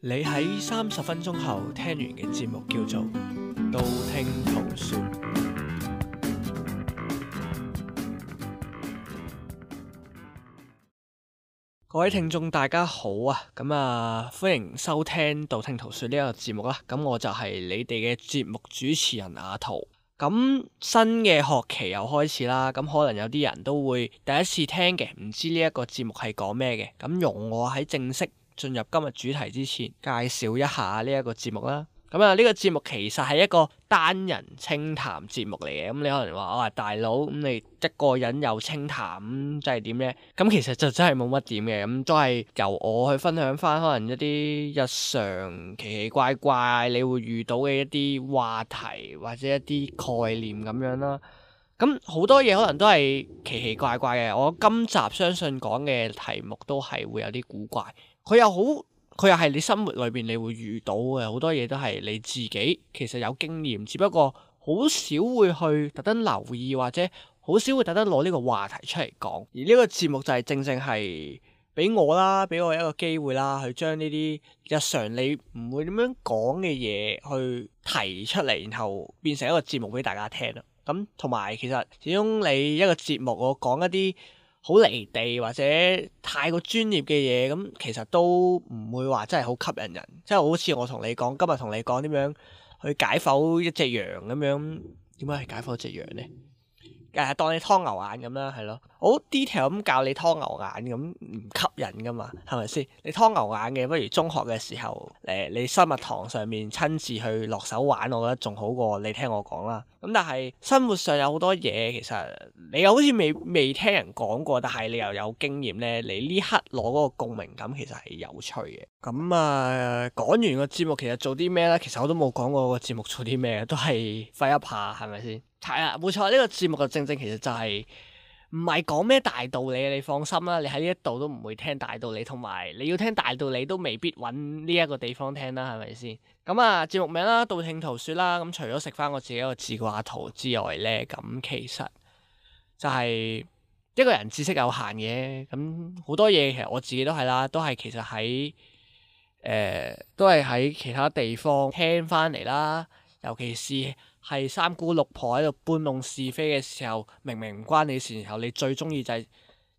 你喺三十分鐘後聽完嘅節目叫做《道聽圖說》。各位聽眾，大家好啊！咁啊，歡迎收聽《道聽圖說》呢、這、一個節目啦。咁我就係你哋嘅節目主持人阿圖。咁新嘅學期又開始啦，咁可能有啲人都會第一次聽嘅，唔知呢一個節目係講咩嘅。咁容我喺正式進入今日主題之前，介紹一下呢一個節目啦。咁、嗯、啊，呢、呢個節目其實係一個單人清談節目嚟嘅。咁、嗯、你可能話：我、哦、話大佬，咁、嗯、你一個人又清談，即係點呢？咁、嗯、其實就真係冇乜點嘅。咁、嗯、都係由我去分享翻，可能一啲日常奇奇怪怪你會遇到嘅一啲話題或者一啲概念咁樣啦。咁、嗯、好多嘢可能都係奇奇怪怪嘅。我今集相信講嘅題目都係會有啲古怪。佢又好，佢又係你生活裏邊你會遇到嘅好多嘢，都係你自己其實有經驗，只不過好少會去特登留意或者好少會特登攞呢個話題出嚟講。而呢個節目就係正正係俾我啦，俾我一個機會啦，去將呢啲日常你唔會點樣講嘅嘢去提出嚟，然後變成一個節目俾大家聽啦。咁同埋其實始終你一個節目，我講一啲好離地或者太過專業嘅嘢，咁其實都唔會話真係好吸引人，即係好似我同你講今日同你講點樣去解剖一隻羊咁樣，點解去解剖隻羊咧？誒、啊，當你劏牛眼咁啦，係咯，好 detail 咁教你劏牛眼咁唔吸引噶嘛，係咪先？你劏牛眼嘅，不如中學嘅時候，誒，你生物堂上面親自去落手玩，我覺得仲好過你聽我講啦。咁但係生活上有好多嘢，其實你又好似未未聽人講過，但係你又有經驗咧，你呢刻攞嗰個共鳴感，其實係有趣嘅。咁啊，講完個節目，其實做啲咩咧？其實我都冇講過個節目做啲咩，都係揮一下，係咪先？係啊，冇錯，呢、這個節目嘅正正其實就係唔係講咩大道理，你放心啦，你喺呢一度都唔會聽大道理，同埋你要聽大道理都未必搵呢一個地方聽啦，係咪先？咁啊，節目名啦，道聽圖說啦。咁、嗯、除咗食翻我自己一個自掛圖之外呢，咁、嗯、其實就係一個人知識有限嘅，咁、嗯、好多嘢其實我自己都係啦，都係其實喺誒、呃、都係喺其他地方聽翻嚟啦，尤其是。係三姑六婆喺度搬弄是非嘅時候，明明唔關你事嘅時候，你最中意就係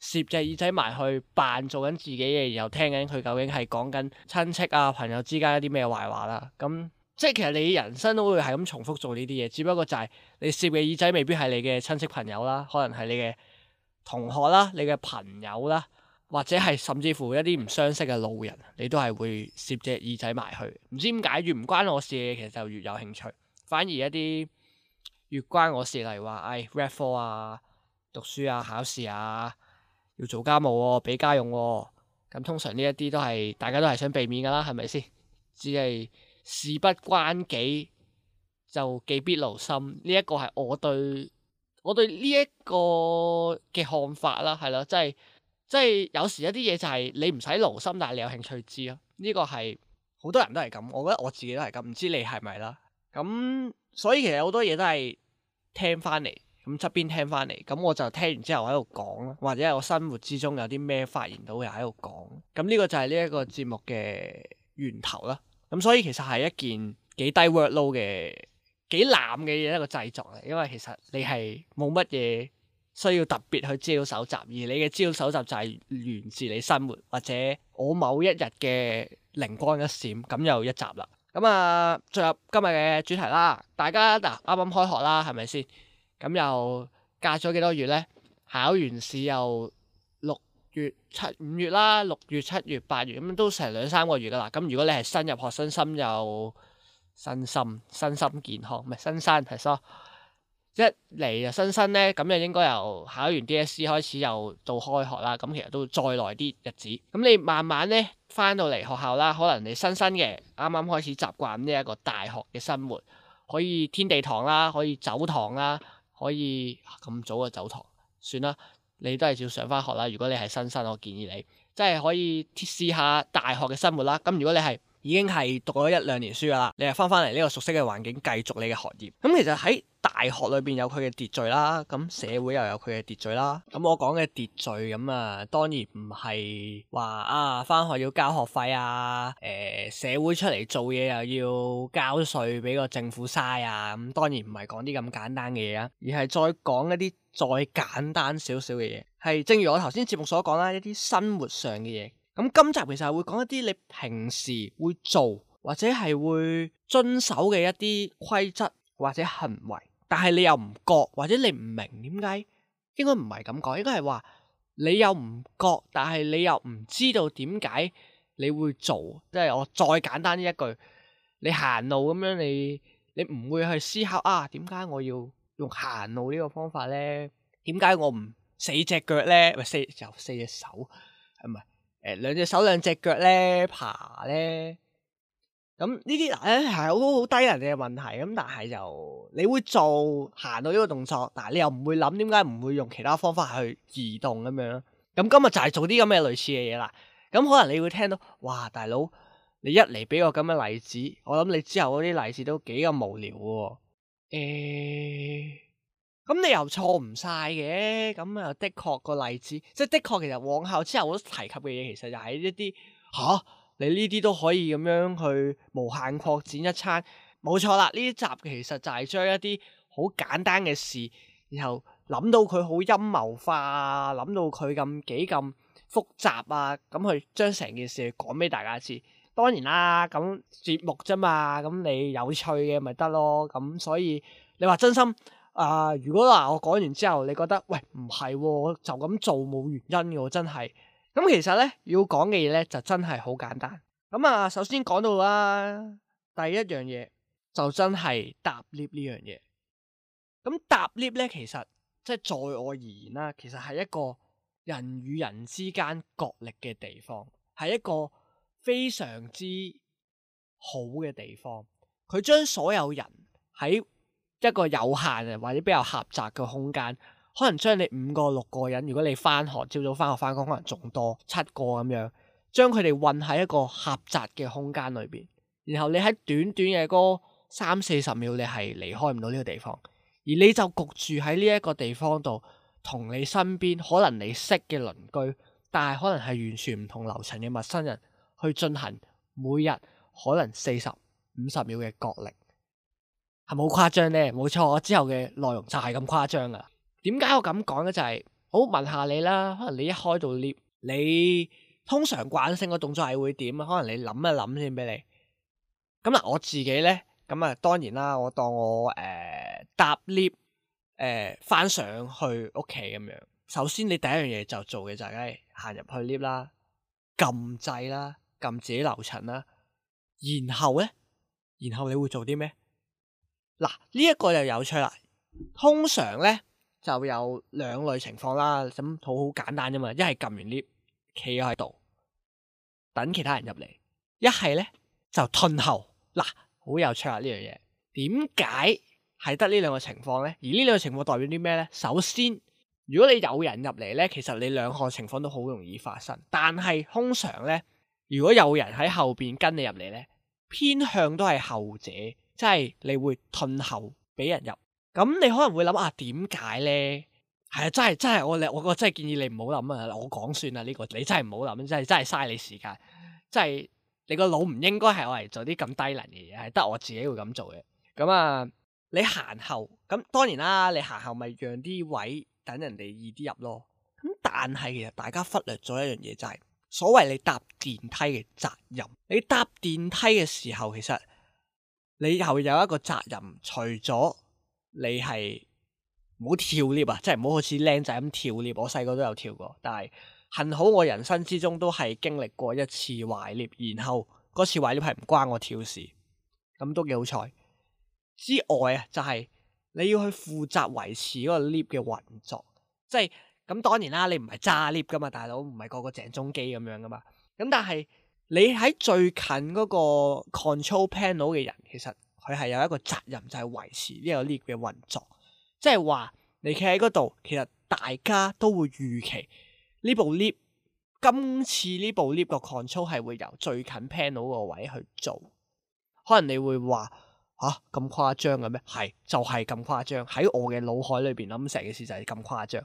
攝隻耳仔埋去扮做緊自己嘅，然後聽緊佢究竟係講緊親戚啊、朋友之間一啲咩壞話啦。咁即係其實你人生都會係咁重複做呢啲嘢，只不過就係你攝嘅耳仔未必係你嘅親戚朋友啦，可能係你嘅同學啦、你嘅朋友啦，或者係甚至乎一啲唔相識嘅路人，你都係會攝隻耳仔埋去。唔知點解越唔關我事嘅嘢，其實就越有興趣。反而一啲越關我事例如話，誒、哎、rap for 啊、讀書啊、考試啊，要做家務喎、啊、俾家用喎、啊，咁通常呢一啲都係大家都係想避免噶啦，係咪先？只係事不關己就己必勞心，呢一個係我對我對呢一個嘅看法啦，係咯，即係即係有時一啲嘢就係你唔使勞心，但係你有興趣知咯，呢、這個係好多人都係咁，我覺得我自己都係咁，唔知你係咪啦？咁所以其實好多嘢都係聽翻嚟，咁側邊聽翻嚟，咁我就聽完之後喺度講啦，或者係我生活之中有啲咩發現到又喺度講，咁呢個就係呢一個節目嘅源頭啦。咁所以其實係一件幾低 work load 嘅，幾濫嘅一個製作嚟，因為其實你係冇乜嘢需要特別去資料搜集，而你嘅資料搜集就係源自你生活或者我某一日嘅靈光一閃，咁又一集啦。咁啊，進入、嗯、今日嘅主題啦！大家嗱，啱、啊、啱開學啦，係咪先？咁、嗯、又隔咗幾多月咧？考完試又六月七五月啦，六月七月八月咁、嗯、都成兩三個月噶啦。咁、嗯、如果你係新入學，身心又身心身心健康，唔係新生，係一嚟就新生咧，咁就應該由考完 DSE 開始，又到開學啦。咁其實都再耐啲日子，咁你慢慢咧翻到嚟學校啦，可能你新生嘅，啱啱開始習慣呢一個大學嘅生活，可以天地堂啦，可以走堂啦，可以咁、啊、早嘅走堂，算啦，你都係照上翻學啦。如果你係新生，我建議你即係可以試下大學嘅生活啦。咁如果你係，已經係讀咗一兩年書㗎啦，你又翻翻嚟呢個熟悉嘅環境，繼續你嘅學業。咁、嗯、其實喺大學裏邊有佢嘅秩序啦，咁社會又有佢嘅秩序啦。咁、嗯、我講嘅秩序咁啊、嗯，當然唔係話啊翻學要交學費啊，誒、呃、社會出嚟做嘢又要交稅俾個政府嘥啊。咁、嗯、當然唔係講啲咁簡單嘅嘢啊，而係再講一啲再簡單少少嘅嘢，係正如我頭先節目所講啦，一啲生活上嘅嘢。咁今集其實會講一啲你平時會做或者係會遵守嘅一啲規則或者行為，但係你又唔覺或者你唔明點解？應該唔係咁講，應該係話你又唔覺，但係你又唔知道點解你會做。即係我再簡單呢一句，你行路咁樣，你你唔會去思考啊，點解我要用行路呢個方法呢？點解我唔四隻腳呢？唔係四就四隻手，係咪？兩隻手兩隻腳咧，爬咧，咁呢啲咧係好好低人哋嘅問題，咁但係就你會做行到呢個動作，但係你又唔會諗點解唔會用其他方法去移動咁樣。咁今日就係做啲咁嘅類似嘅嘢啦。咁可能你會聽到，哇，大佬，你一嚟俾我咁嘅例子，我諗你之後嗰啲例子都幾咁無聊嘅喎。欸咁你又錯唔晒嘅咁啊？又的確個例子，即係的確其實往後之後我都提及嘅嘢，其實就係一啲嚇，啊，你呢啲都可以咁樣去無限擴展一餐，冇錯啦。呢啲集其實就係將一啲好簡單嘅事，然後諗到佢好陰謀化，諗到佢咁幾咁複雜啊，咁去將成件事講俾大家知。當然啦，咁節目啫嘛，咁你有趣嘅咪得咯。咁所以你話真心。啊！如果嗱，我講完之後，你覺得喂唔係喎，啊、就咁做冇原因嘅，真係咁。其實呢，要講嘅嘢呢，就真係好簡單。咁啊，首先講到啦，第一樣嘢就真係搭 lift 呢樣嘢。咁搭 lift 呢，其實即係、就是、在我而言啦、啊，其實係一個人與人之間角力嘅地方，係一個非常之好嘅地方。佢將所有人喺一個有限或者比較狹窄嘅空間，可能將你五個六個人，如果你翻學朝早翻學翻工，可能仲多七個咁樣，將佢哋運喺一個狹窄嘅空間裏邊，然後你喺短短嘅嗰三四十秒，你係離開唔到呢個地方，而你就焗住喺呢一個地方度，同你身邊可能你識嘅鄰居，但係可能係完全唔同樓層嘅陌生人，去進行每日可能四十五十秒嘅角力。係咪好誇張咧？冇錯。之後嘅內容就係咁誇張㗎！點解我咁講咧？就係、是、好問下你啦。可能你一開到 lift，你通常慣性個動作係會點？可能你諗一諗先俾你。咁嗱，我自己咧，咁啊，當然啦，我當我誒、呃、搭 lift，誒翻上去屋企咁樣。首先，你第一樣嘢就做嘅就係行入去 lift 啦，撳掣啦，撳自己樓層啦，然後咧，然後你會做啲咩？嗱，呢一個就有趣啦。通常呢就有兩類情況啦，咁好簡單啫嘛。一係撳完 lift，企喺度等其他人入嚟；一係呢就退後。嗱，好有趣啊呢樣嘢。點解係得呢兩個情況呢？而呢兩個情況代表啲咩呢？首先，如果你有人入嚟呢，其實你兩項情況都好容易發生。但係通常呢，如果有人喺後邊跟你入嚟呢，偏向都係後者。即係你會退後俾人入，咁你可能會諗啊，點解呢？係啊，真係真係我我我真係建議你唔好諗啊，我講算啦，呢、這個你真係唔好諗，真係真係嘥你時間，即係你個腦唔應該係我嚟做啲咁低能嘅嘢，係得我自己會咁做嘅。咁啊，你行後，咁當然啦，你行後咪讓啲位等人哋易啲入咯。咁但係其實大家忽略咗一樣嘢，就係所謂你搭電梯嘅責任。你搭電梯嘅時候，其實。你又有一個責任，除咗你係唔好跳 lift 啊，即係唔好好似靚仔咁跳 lift，我細個都有跳過，但係幸好我人生之中都係經歷過一次壞 lift，然後嗰次壞 lift 係唔關我跳事，咁都幾好彩。之外啊，就係、是、你要去負責維持嗰個 lift 嘅運作，即係咁當然啦，你唔係揸 lift 噶嘛，大佬唔係個個鄭中基咁樣噶嘛，咁但係。你喺最近嗰個 control panel 嘅人，其實佢係有一個責任，就係、是、維持呢個 lift 嘅運作。即係話你企喺嗰度，其實大家都會預期呢部 lift 今次呢部 lift 個 control 係會由最近 panel 個位去做。可能你會話吓咁誇張嘅咩？係、啊、就係咁誇張。喺我嘅腦海裏邊諗成件事就係咁誇張。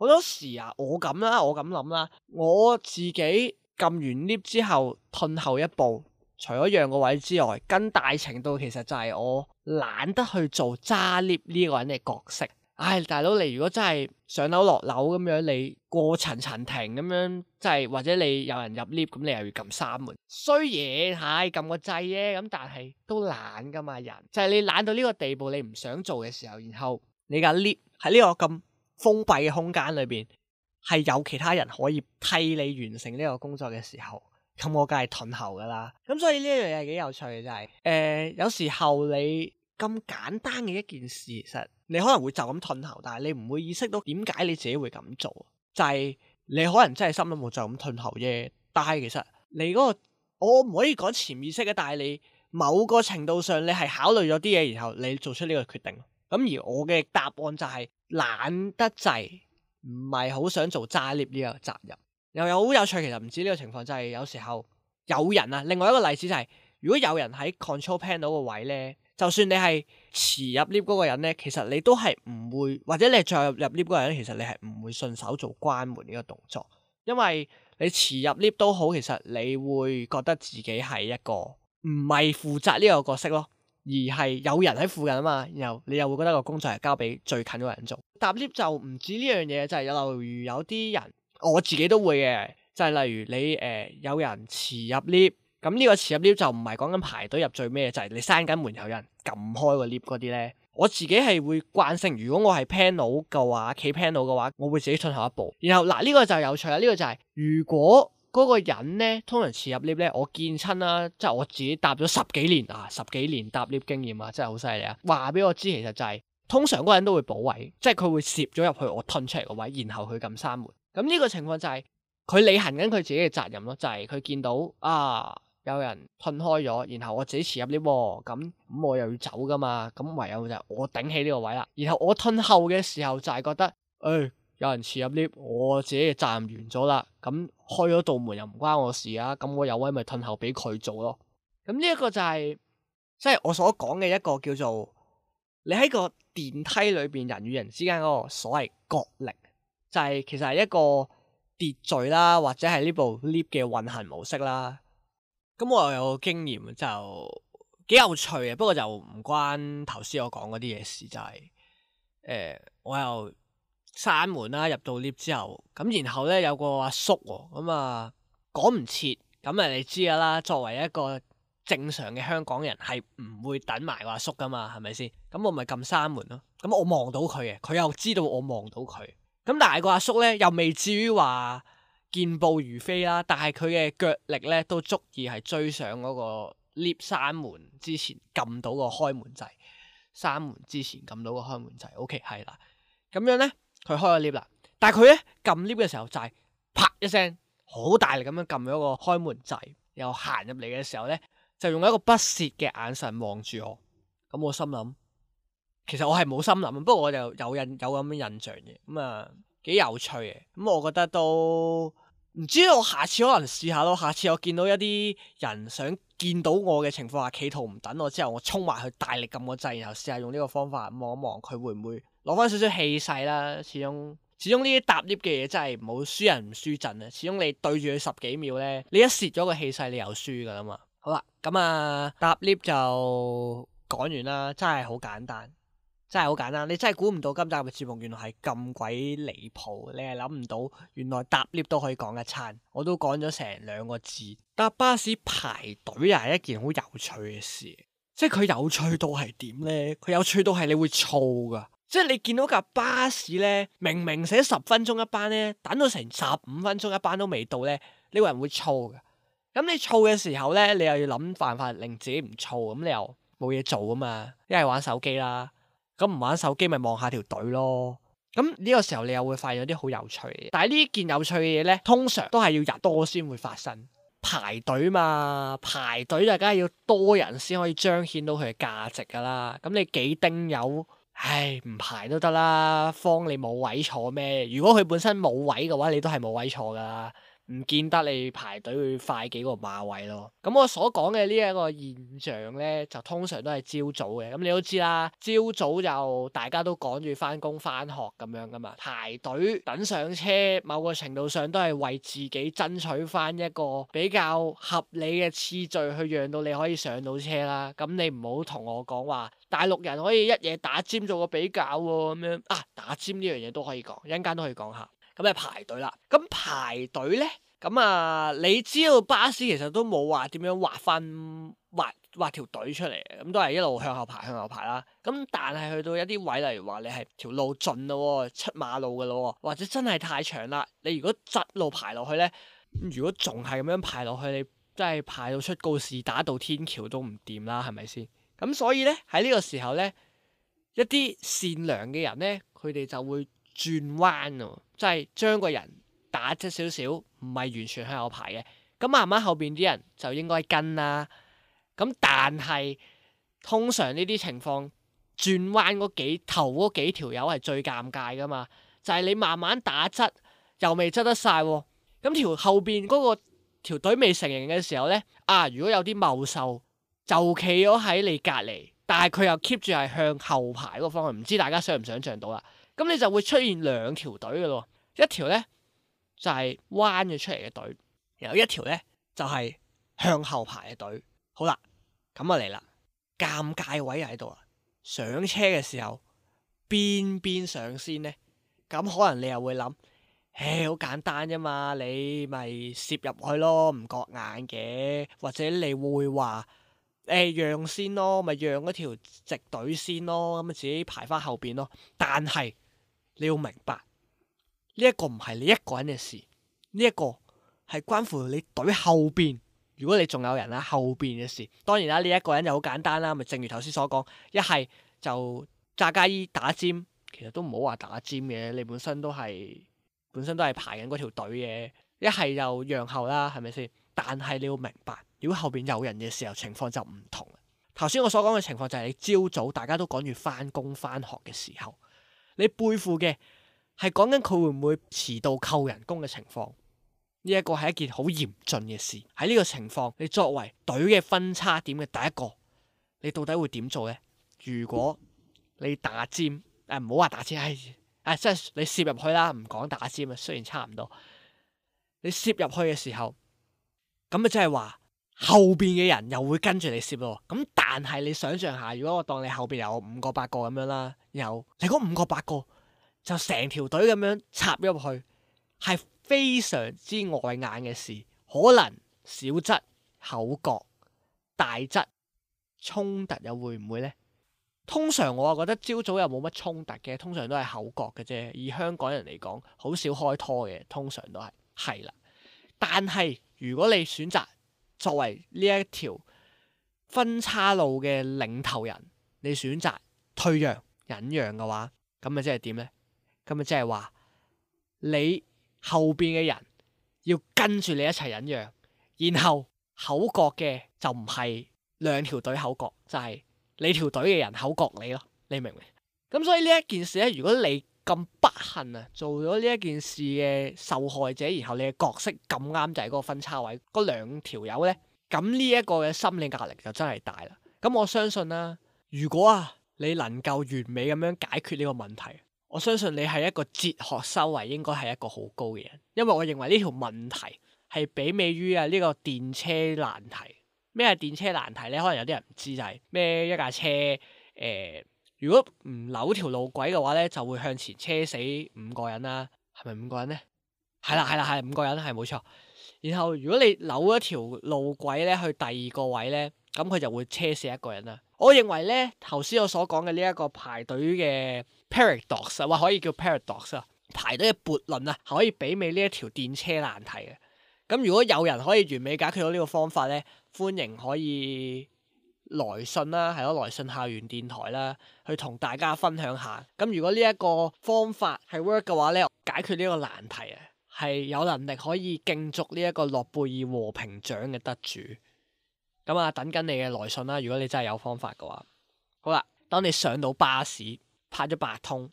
好多時啊，我咁啦、啊，我咁諗啦，我自己。撳完 lift 之後，退後一步，除咗讓個位之外，更大程度其實就係我懶得去做揸 lift 呢個人嘅角色。唉、哎，大佬，你如果真係上樓落樓咁樣，你過層層停咁樣，即、就、係、是、或者你有人入 lift 咁，你又要撳三門。雖然唉，撳、哎、個掣啫，咁但係都懶噶嘛人，就係、是、你懶到呢個地步，你唔想做嘅時候，然後你架 lift 喺呢個咁封閉嘅空間裏邊。係有其他人可以替你完成呢個工作嘅時候，咁我梗係退後噶啦。咁所以呢一樣嘢幾有趣嘅就係、是。誒、呃，有時候你咁簡單嘅一件事，其實你可能會就咁退後，但係你唔會意識到點解你自己會咁做。就係、是、你可能真係心都冇就咁退後啫。但係其實你嗰、那個，我唔可以講潛意識嘅，但係你某個程度上你係考慮咗啲嘢，然後你做出呢個決定。咁而我嘅答案就係、是、懶得滯。唔係好想做揸 lift 呢個責任，又有好有趣。其實唔知呢個情況，就係、是、有時候有人啊。另外一個例子就係、是，如果有人喺 control panel 嗰個位呢，就算你係遲入 lift 嗰個人呢，其實你都係唔會，或者你係再入 lift 嗰個人呢，其實你係唔會順手做關門呢個動作。因為你遲入 lift 都好，其實你會覺得自己係一個唔係負責呢個角色咯。而係有人喺附近啊嘛，然後你又會覺得個工作係交俾最近嘅人做。搭 lift 就唔止呢樣嘢，就係例如有啲人，我自己都會嘅，就係、是、例如你誒、呃、有人遲入 lift，咁呢個遲入 lift 就唔係講緊排隊入最尾，就係、是、你閂緊門有人撳開個 lift 嗰啲咧。我自己係會慣性，如果我係 panel 嘅話，企 panel 嘅話，我會自己進後一步。然後嗱，呢、這個就有趣啦，呢、這個就係、是、如果。嗰個人呢，通常遲入 lift 咧，我見親啦，即係我自己搭咗十幾年啊，十幾年搭 lift 經驗啊，真係好犀利啊！話俾我知，其實就係、是、通常嗰人都會保位，即係佢會攝咗入去，我褪出嚟個位，然後佢撳閂門。咁、嗯、呢、這個情況就係、是、佢履行緊佢自己嘅責任咯，就係、是、佢見到啊有人褪開咗，然後我自己遲入 lift，咁咁我又要走噶嘛，咁、啊、唯有就我頂起呢個位啦。然後我褪後嘅時候就係覺得，誒、哎。有人持有 lift，我自己嘅責任完咗啦。咁、嗯、開咗道門又唔關我事啊。咁、嗯、我有位咪褪後俾佢做咯。咁呢一個就係即係我所講嘅一個叫做你喺個電梯裏邊人與人之間嗰個所謂角力，就係、是、其實係一個秩序啦，或者係呢部 lift 嘅運行模式啦。咁、嗯、我又有個經驗就幾有趣嘅，不過就唔關頭先我講嗰啲嘢事，就係、是、誒、呃、我又。閂門啦，入到 lift 之後，咁然後咧有個阿叔喎、哦，咁啊趕唔切，咁人哋知噶啦。作為一個正常嘅香港人，係唔會等埋個阿叔噶嘛，係咪先？咁、嗯、我咪撳閂門咯。咁、嗯、我望到佢嘅，佢又知道我望到佢。咁、嗯、但係個阿叔咧，又未至於話健步如飛啦。但係佢嘅腳力咧，都足以係追上嗰個 lift 閂門之前撳到個開門掣。閂門之前撳到個開門掣，OK 係啦。咁樣咧。佢開咗 lift 啦，但係佢咧撳 lift 嘅時候就係啪一聲，好大力咁樣撳咗個開門掣，然後行入嚟嘅時候咧就用一個不屑嘅眼神望住我，咁我心諗，其實我係冇心諗，不過我就有印有咁嘅印象嘅，咁啊幾有趣嘅，咁、嗯、我覺得都唔知道我下次可能試下咯，下次我見到一啲人想見到我嘅情況下企圖唔等我之後，我衝埋去大力撳個掣，然後試下用呢個方法望一望佢會唔會？講翻少少氣勢啦，始終始終呢啲搭 lift 嘅嘢真係唔好輸人唔輸陣啊！始終你對住佢十幾秒咧，你一蝕咗個氣勢，你又輸噶啦嘛。好啦，咁、嗯、啊搭 lift 就講完啦，真係好簡單，真係好簡單。你真係估唔到今集嘅節目原來係咁鬼離譜，你係諗唔到原來搭 lift 都可以講一餐，我都講咗成兩個字。搭巴士排隊又係一件好有趣嘅事，即係佢有趣到係點咧？佢有趣到係你會燥噶。即係你見到架巴士咧，明明寫十分鐘一班咧，等到成十五分鐘一班都未到咧，你個人會燥㗎。咁你燥嘅時候咧，你又要諗辦法令自己唔燥。咁你又冇嘢做啊嘛，一係玩手機啦。咁唔玩手機咪望下條隊咯。咁呢個時候你又會發現有啲好有趣嘅嘢。但係呢件有趣嘅嘢咧，通常都係要人多先會發生。排隊嘛，排隊就梗係要多人先可以彰顯到佢嘅價值噶啦。咁你幾丁有？唉，唔排都得啦，方你冇位坐咩？如果佢本身冇位嘅話，你都係冇位坐噶啦。唔見得你排隊會快幾個馬位咯。咁我所講嘅呢一個現象咧，就通常都係朝早嘅。咁你都知啦，朝早就大家都趕住返工返學咁樣噶嘛，排隊等上車，某個程度上都係為自己爭取返一個比較合理嘅次序去讓到你可以上到車啦。咁你唔好同我講話大陸人可以一夜打尖做個比較喎、啊，咁樣啊打尖呢樣嘢都可以講，一陣間都可以講下。咁咪排隊啦！咁排隊咧，咁啊，你知道巴士其實都冇話點樣劃返劃劃條隊出嚟嘅，咁都係一路向後排，向後排啦。咁但係去到一啲位，例如話你係條路盡嘞喎，出馬路嘅嘞喎，或者真係太長啦。你如果側路排落去咧，如果仲係咁樣排落去，你真係排到出告示打到天橋都唔掂啦，係咪先？咁所以咧，喺呢個時候咧，一啲善良嘅人咧，佢哋就會轉彎啊！就係將個人打側少少，唔係完全向後排嘅。咁慢慢後邊啲人就應該跟啦。咁但係通常呢啲情況，轉彎嗰幾頭嗰幾條友係最尷尬噶嘛。就係、是、你慢慢打側，又未側得晒喎。咁條後邊嗰、那個條隊未成型嘅時候咧，啊如果有啲茂壽就企咗喺你隔離，但係佢又 keep 住係向後排嗰個方向，唔知大家想唔想像到啦？咁你就會出現兩條隊嘅咯，一條咧就係彎咗出嚟嘅隊，然後一條咧就係向後排嘅隊。好啦，咁啊嚟啦，尷尬位喺度啊！上車嘅時候邊邊上先咧？咁可能你又會諗，誒好簡單啫嘛，你咪攝入去咯，唔覺眼嘅，或者你會話誒讓先咯，咪讓嗰條直隊先咯，咁啊自己排翻後邊咯。但係，你要明白呢一個唔係你一個人嘅事，呢一個係關乎你隊後邊。如果你仲有人喺後邊嘅事，當然啦，你一個人就好簡單啦，咪正如頭先所講，一係就詐假意打尖，其實都唔好話打尖嘅，你本身都係本身都係排緊嗰條隊嘅。一係就讓後啦，係咪先？但係你要明白，如果後邊有人嘅時候，情況就唔同。頭先我所講嘅情況就係你朝早大家都趕住翻工翻學嘅時候。你背負嘅係講緊佢會唔會遲到扣人工嘅情況，呢一個係一件好嚴峻嘅事。喺呢個情況，你作為隊嘅分叉點嘅第一個，你到底會點做咧？如果你打尖，誒唔好話打尖，唉，誒、啊、即係你攝入去啦，唔講打尖啊，雖然差唔多，你攝入去嘅時候，咁啊即係話。後邊嘅人又會跟住你攝咯，咁但係你想象下，如果我當你後邊有五個八個咁樣啦，有你嗰五個八個就成條隊咁樣插入去，係非常之礙眼嘅事。可能小則口角大則衝突又會唔會呢？通常我啊覺得朝早又冇乜衝突嘅，通常都係口角嘅啫。以香港人嚟講，好少開拖嘅，通常都係係啦。但係如果你選擇，作為呢一條分叉路嘅領頭人，你選擇退讓、忍讓嘅話，咁咪即係點咧？咁咪即係話你後邊嘅人要跟住你一齊忍讓，然後口角嘅就唔係兩條隊口角，就係你條隊嘅人口角你咯，你明唔明？咁所以呢一件事咧，如果你咁不幸啊，做咗呢一件事嘅受害者，然後你嘅角色咁啱就係嗰個分叉位，嗰兩條友咧，咁呢一個嘅心理壓力就真係大啦。咁我相信啦、啊，如果啊你能夠完美咁樣解決呢個問題，我相信你係一個哲學修為應該係一個好高嘅人，因為我認為呢條問題係媲美於啊呢個電車難題。咩係電車難題咧？可能有啲人唔知就係、是、咩一架車誒。呃如果唔扭條路軌嘅話咧，就會向前車死五個人啦，係咪五個人咧？係啦係啦係五個人，係冇錯。然後如果你扭一條路軌咧，去第二個位咧，咁佢就會車死一個人啦。我認為咧，頭先我所講嘅呢一個排隊嘅 paradox，哇可以叫 paradox 啊，排隊嘅悖論啊，係可以媲美呢一條電車難題嘅。咁如果有人可以完美解決到呢個方法咧，歡迎可以。來信啦，係咯，來信校園電台啦、啊，去同大家分享下。咁如果呢一個方法係 work 嘅話咧，解決呢個難題嘅、啊、係有能力可以競逐呢一個諾貝爾和平獎嘅得主。咁啊，等緊你嘅來信啦、啊。如果你真係有方法嘅話，好啦，當你上到巴士，拍咗八通，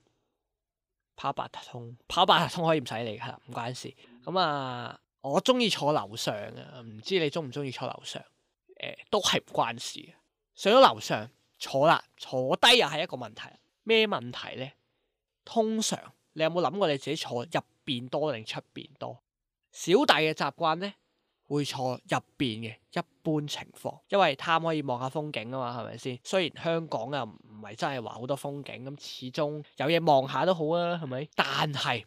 拍八通，拍八通可以唔使你嘅啦，唔關事。咁啊，我中意坐樓上嘅、啊，唔知你中唔中意坐樓上？誒，都係唔關事。上咗樓上坐啦，坐低又係一個問題。咩問題呢？通常你有冇諗過你自己坐入邊多定出邊多？小弟嘅習慣呢，會坐入邊嘅一般情況，因為貪可以望下風景啊嘛，係咪先？雖然香港又唔係真係話好多風景，咁始終有嘢望下都好啊，係咪？但係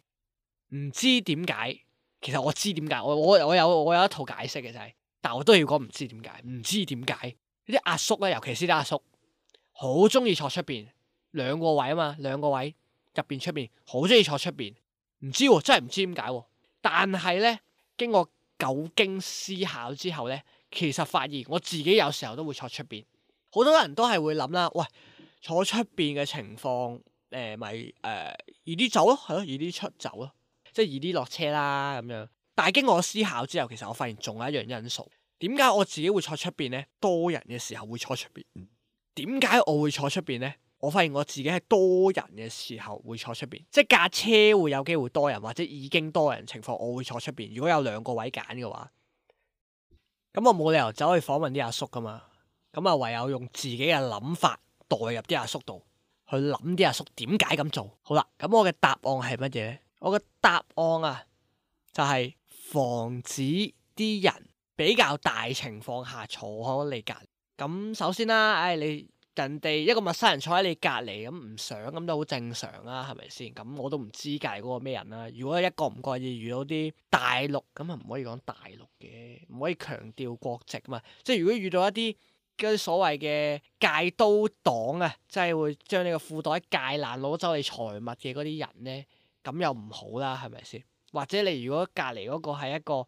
唔知點解，其實我知點解，我我有我，我有一套解釋嘅就係，但我都要講唔知點解，唔知點解。呢啲阿叔咧，尤其是啲阿叔，好中意坐出邊兩個位啊嘛，兩個位入邊出邊，好中意坐出邊。唔知喎、啊，真係唔知點解、啊。但係咧，經過久經思考之後咧，其實發現我自己有時候都會坐出邊。好多人都係會諗啦，喂，坐出邊嘅情況，誒、呃，咪、呃、誒易啲走咯、啊，係咯、啊，易啲出走咯、啊，即係易啲落車啦咁樣。但係經過思考之後，其實我發現仲有一樣因素。點解我自己會坐出邊呢？多人嘅時候會坐出邊。點解我會坐出邊呢？我發現我自己喺多人嘅時候會坐出邊，即架車會有機會多人或者已經多人情況，我會坐出邊。如果有兩個位揀嘅話，咁我冇理由走去訪問啲阿叔噶嘛。咁啊，唯有用自己嘅諗法代入啲阿叔度去諗啲阿叔點解咁做。好啦，咁我嘅答案係乜嘢呢？我嘅答案啊，就係防止啲人，比較大情況下坐喺你隔離，咁首先啦、啊，唉、哎，你人哋一個陌生人坐喺你隔離咁唔想咁都好正常啦、啊，係咪先？咁我都唔知隔離嗰個咩人啦、啊。如果一個唔覺意遇到啲大陸，咁啊唔可以講大陸嘅，唔可以強調國籍嘛。即係如果遇到一啲嗰啲所謂嘅界刀黨啊，即係會將你個褲袋界爛攞走你財物嘅嗰啲人咧，咁又唔好啦，係咪先？或者你如果隔離嗰個係一個，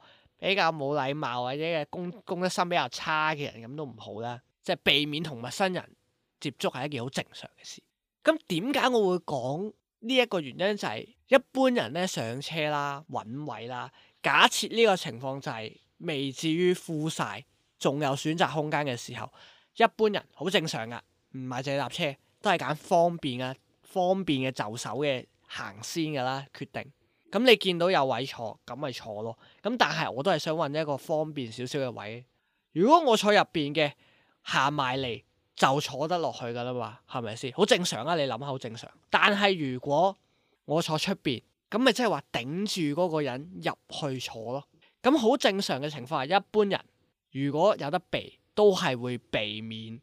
比較冇禮貌或者公公德心比較差嘅人，咁都唔好啦。即係避免同陌生人接觸係一件好正常嘅事。咁點解我會講呢一個原因就係、是、一般人咧，上車啦、揾位啦，假設呢個情況就係、是、未至於 full 晒，仲有選擇空間嘅時候，一般人好正常噶，唔係淨係搭車都係揀方便啊、方便嘅就手嘅行先噶啦，決定。咁你見到有位坐，咁咪坐咯。咁但係我都係想揾一個方便少少嘅位。如果我坐入邊嘅，行埋嚟就坐得落去噶啦嘛，係咪先？好正常啊，你諗下好正常。但係如果我坐出邊，咁咪即係話頂住嗰個人入去坐咯。咁好正常嘅情況下，一般人如果有得避，都係會避免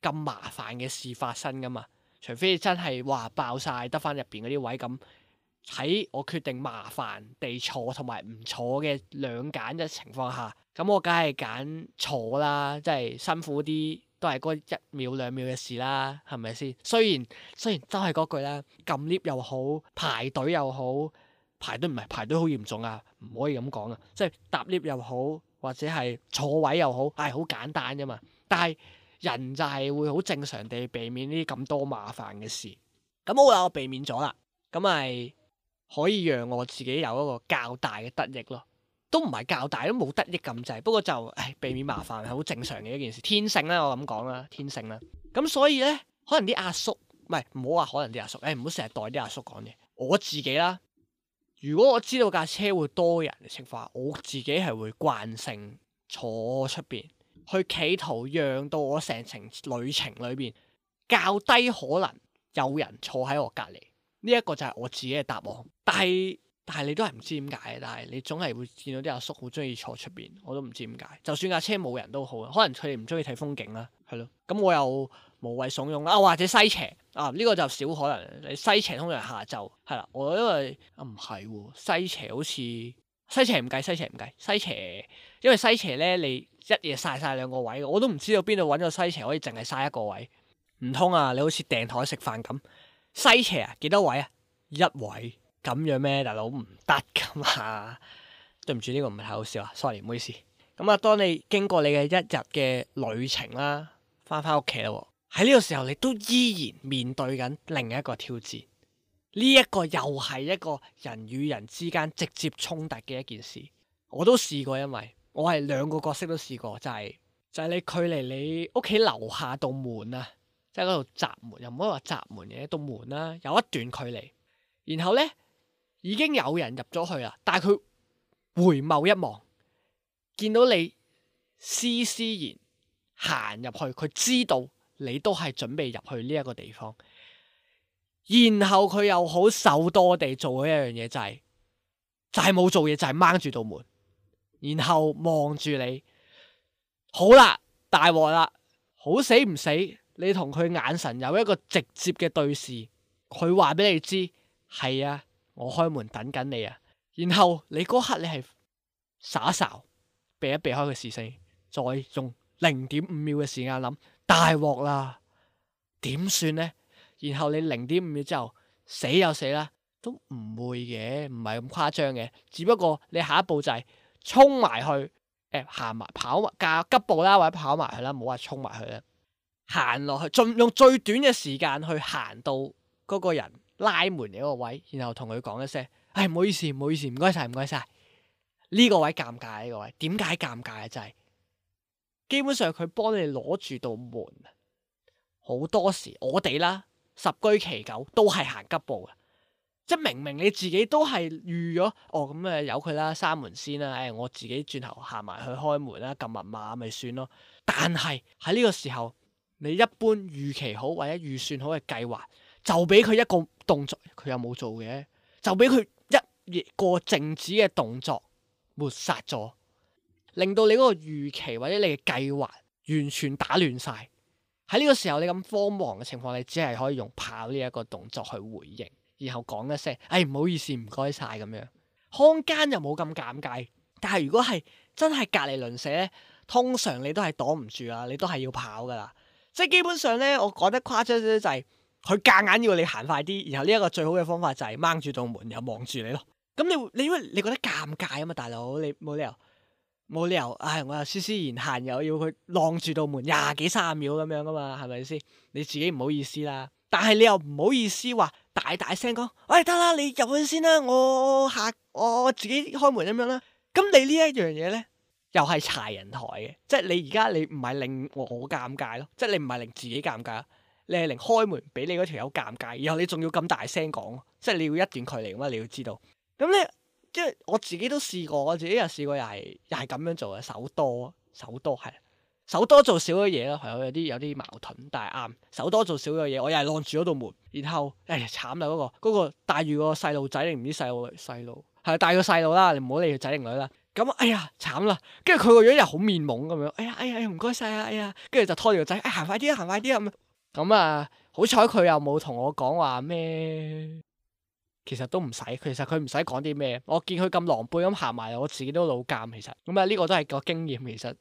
咁麻煩嘅事發生噶嘛。除非真係話爆晒得翻入邊嗰啲位咁。喺我決定麻煩地坐同埋唔坐嘅兩揀嘅情況下，咁我梗係揀坐啦，即係辛苦啲，都係嗰一秒兩秒嘅事啦，係咪先？雖然雖然都係嗰句啦，撳 lift 又好，排隊又好，排隊唔係排隊，排隊好嚴重啊，唔可以咁講啊，即係搭 lift 又好，或者係坐位又好，係、哎、好簡單啫嘛。但係人就係會好正常地避免呢啲咁多麻煩嘅事，咁好啦，我避免咗啦，咁咪、就是。可以讓我自己有一個較大嘅得益咯，都唔係較大，都冇得益咁滯。不過就，唉，避免麻煩係好正常嘅一件事，天性啦、啊，我咁講啦，天性啦、啊。咁所以呢，可能啲阿叔，唔係唔好話可能啲阿叔，誒，唔好成日代啲阿叔講嘢。我自己啦，如果我知道架車會多人嘅情況，我自己係會慣性坐出邊，去企圖讓到我成程旅程裏邊較低可能有人坐喺我隔離。呢一個就係我自己嘅答案，但係但係你都係唔知點解，但係你總係會見到啲阿叔好中意坐出邊，我都唔知點解。就算架車冇人都好，可能佢哋唔中意睇風景啦，係咯。咁我又無謂慫恿啦，啊或者西斜啊，呢個就少可能。你西斜通常下晝係啦，我因為啊唔係喎，西斜好似西斜唔計西斜唔計西斜，因為西斜咧你一夜晒晒兩個位，我都唔知道邊度揾個西斜可以淨係晒一個位，唔通啊你好似訂台食飯咁。西斜啊，幾多位啊？一位咁樣咩？大佬唔得噶嘛？ 對唔住，呢、呢個唔係太好笑啊！sorry，唔好意思。咁、嗯、啊，當你經過你嘅一日嘅旅程啦、啊，翻翻屋企啦，喺呢個時候你都依然面對緊另一個挑戰。呢、呢、一個又係一個人與人之間直接衝突嘅一件事。我都試過，因為我係兩個角色都試過，就係、係、就係、係、你距離你屋企樓下道門啊。即係嗰度閘門，又唔可以話閘門嘅一道門啦，有一段距離。然後咧，已經有人入咗去啦，但係佢回眸一望，見到你施施然行入去，佢知道你都係準備入去呢一個地方。然後佢又好手多地做咗一樣嘢，就係就係冇做嘢，就係掹住道門，然後望住你。好啦，大鑊啦，好死唔死？你同佢眼神有一個直接嘅對視，佢話俾你知係啊，我開門等緊你啊。然後你嗰刻你係傻一傻，避一避開佢視線，再用零點五秒嘅時間諗，大鑊啦，點算咧？然後你零點五秒之後死又死啦，都唔會嘅，唔係咁誇張嘅。只不過你下一步就係衝埋去，誒，行埋跑架急步啦，或者跑埋去啦，唔好話衝埋去啦。行落去，盡用最短嘅時間去行到嗰個人拉門嘅個位，然後同佢講一聲：唉，唔好意思，唔好意思，唔該晒，唔該晒。呢個位尷尬，呢個位點解尷尬啊？就係基本上佢幫你攞住道門啊，好多時我哋啦，十居其九都係行急步嘅，即係明明你自己都係預咗，哦，咁誒由佢啦，閂門先啦，誒，我自己轉頭行埋去開門啦，撳密碼咪算咯。但係喺呢個時候，你一般預期好或者預算好嘅計劃，就俾佢一個動作，佢又冇做嘅，就俾佢一個靜止嘅動作抹殺咗，令到你嗰個預期或者你嘅計劃完全打亂晒。喺呢個時候你咁慌忙嘅情況，你只係可以用跑呢一個動作去回應，然後講一聲：「唉、哎，唔好意思，唔該晒」。咁樣。巷間又冇咁尷尬，但係如果係真係隔離鄰舍，通常你都係擋唔住啦，你都係要跑㗎啦。即係基本上咧，我講得誇張啲就係，佢夾硬要你行快啲，然後呢一個最好嘅方法就係掹住道門又望住你咯。咁你你會你，因為你覺得尷尬啊嘛，大佬，你冇理由冇理由，唉、哎，我又斯斯然行，又要去晾住道門廿幾三十秒咁樣噶嘛，係咪先？你自己唔好意思啦，但係你又唔好意思話大大聲講，喂、哎，得啦，你入去先啦，我下我自己開門咁樣啦。咁你呢一樣嘢咧？又係柴人台嘅，即係你而家你唔係令我尷尬咯，即係你唔係令自己尷尬，你係令開門俾你嗰條友尷尬，然後你仲要咁大聲講，即係你要一段距離咁啊，你要知道。咁咧，即係我自己都試過，我自己又試過又係又係咁樣做嘅，手多手多係手多做少嘅嘢咯，係我有啲有啲矛盾，但係啱手多做少嘅嘢，我又係晾住嗰度門，然後唉，慘啦，嗰個嗰個帶住個細路仔定唔知細路細路係帶個細路啦，你唔好理佢仔定女啦。咁哎呀慘啦，跟住佢個樣又好面懵咁樣，哎呀，哎呀唔該晒啊，哎呀，跟、哎、住、哎、就拖住個仔，行、哎、快啲啊，行快啲啊咁啊，好彩佢又冇同我講話咩，其實都唔使，其實佢唔使講啲咩，我見佢咁狼狽咁行埋，嚟，我自己都老尷其實，咁啊呢個都係個經驗其實真，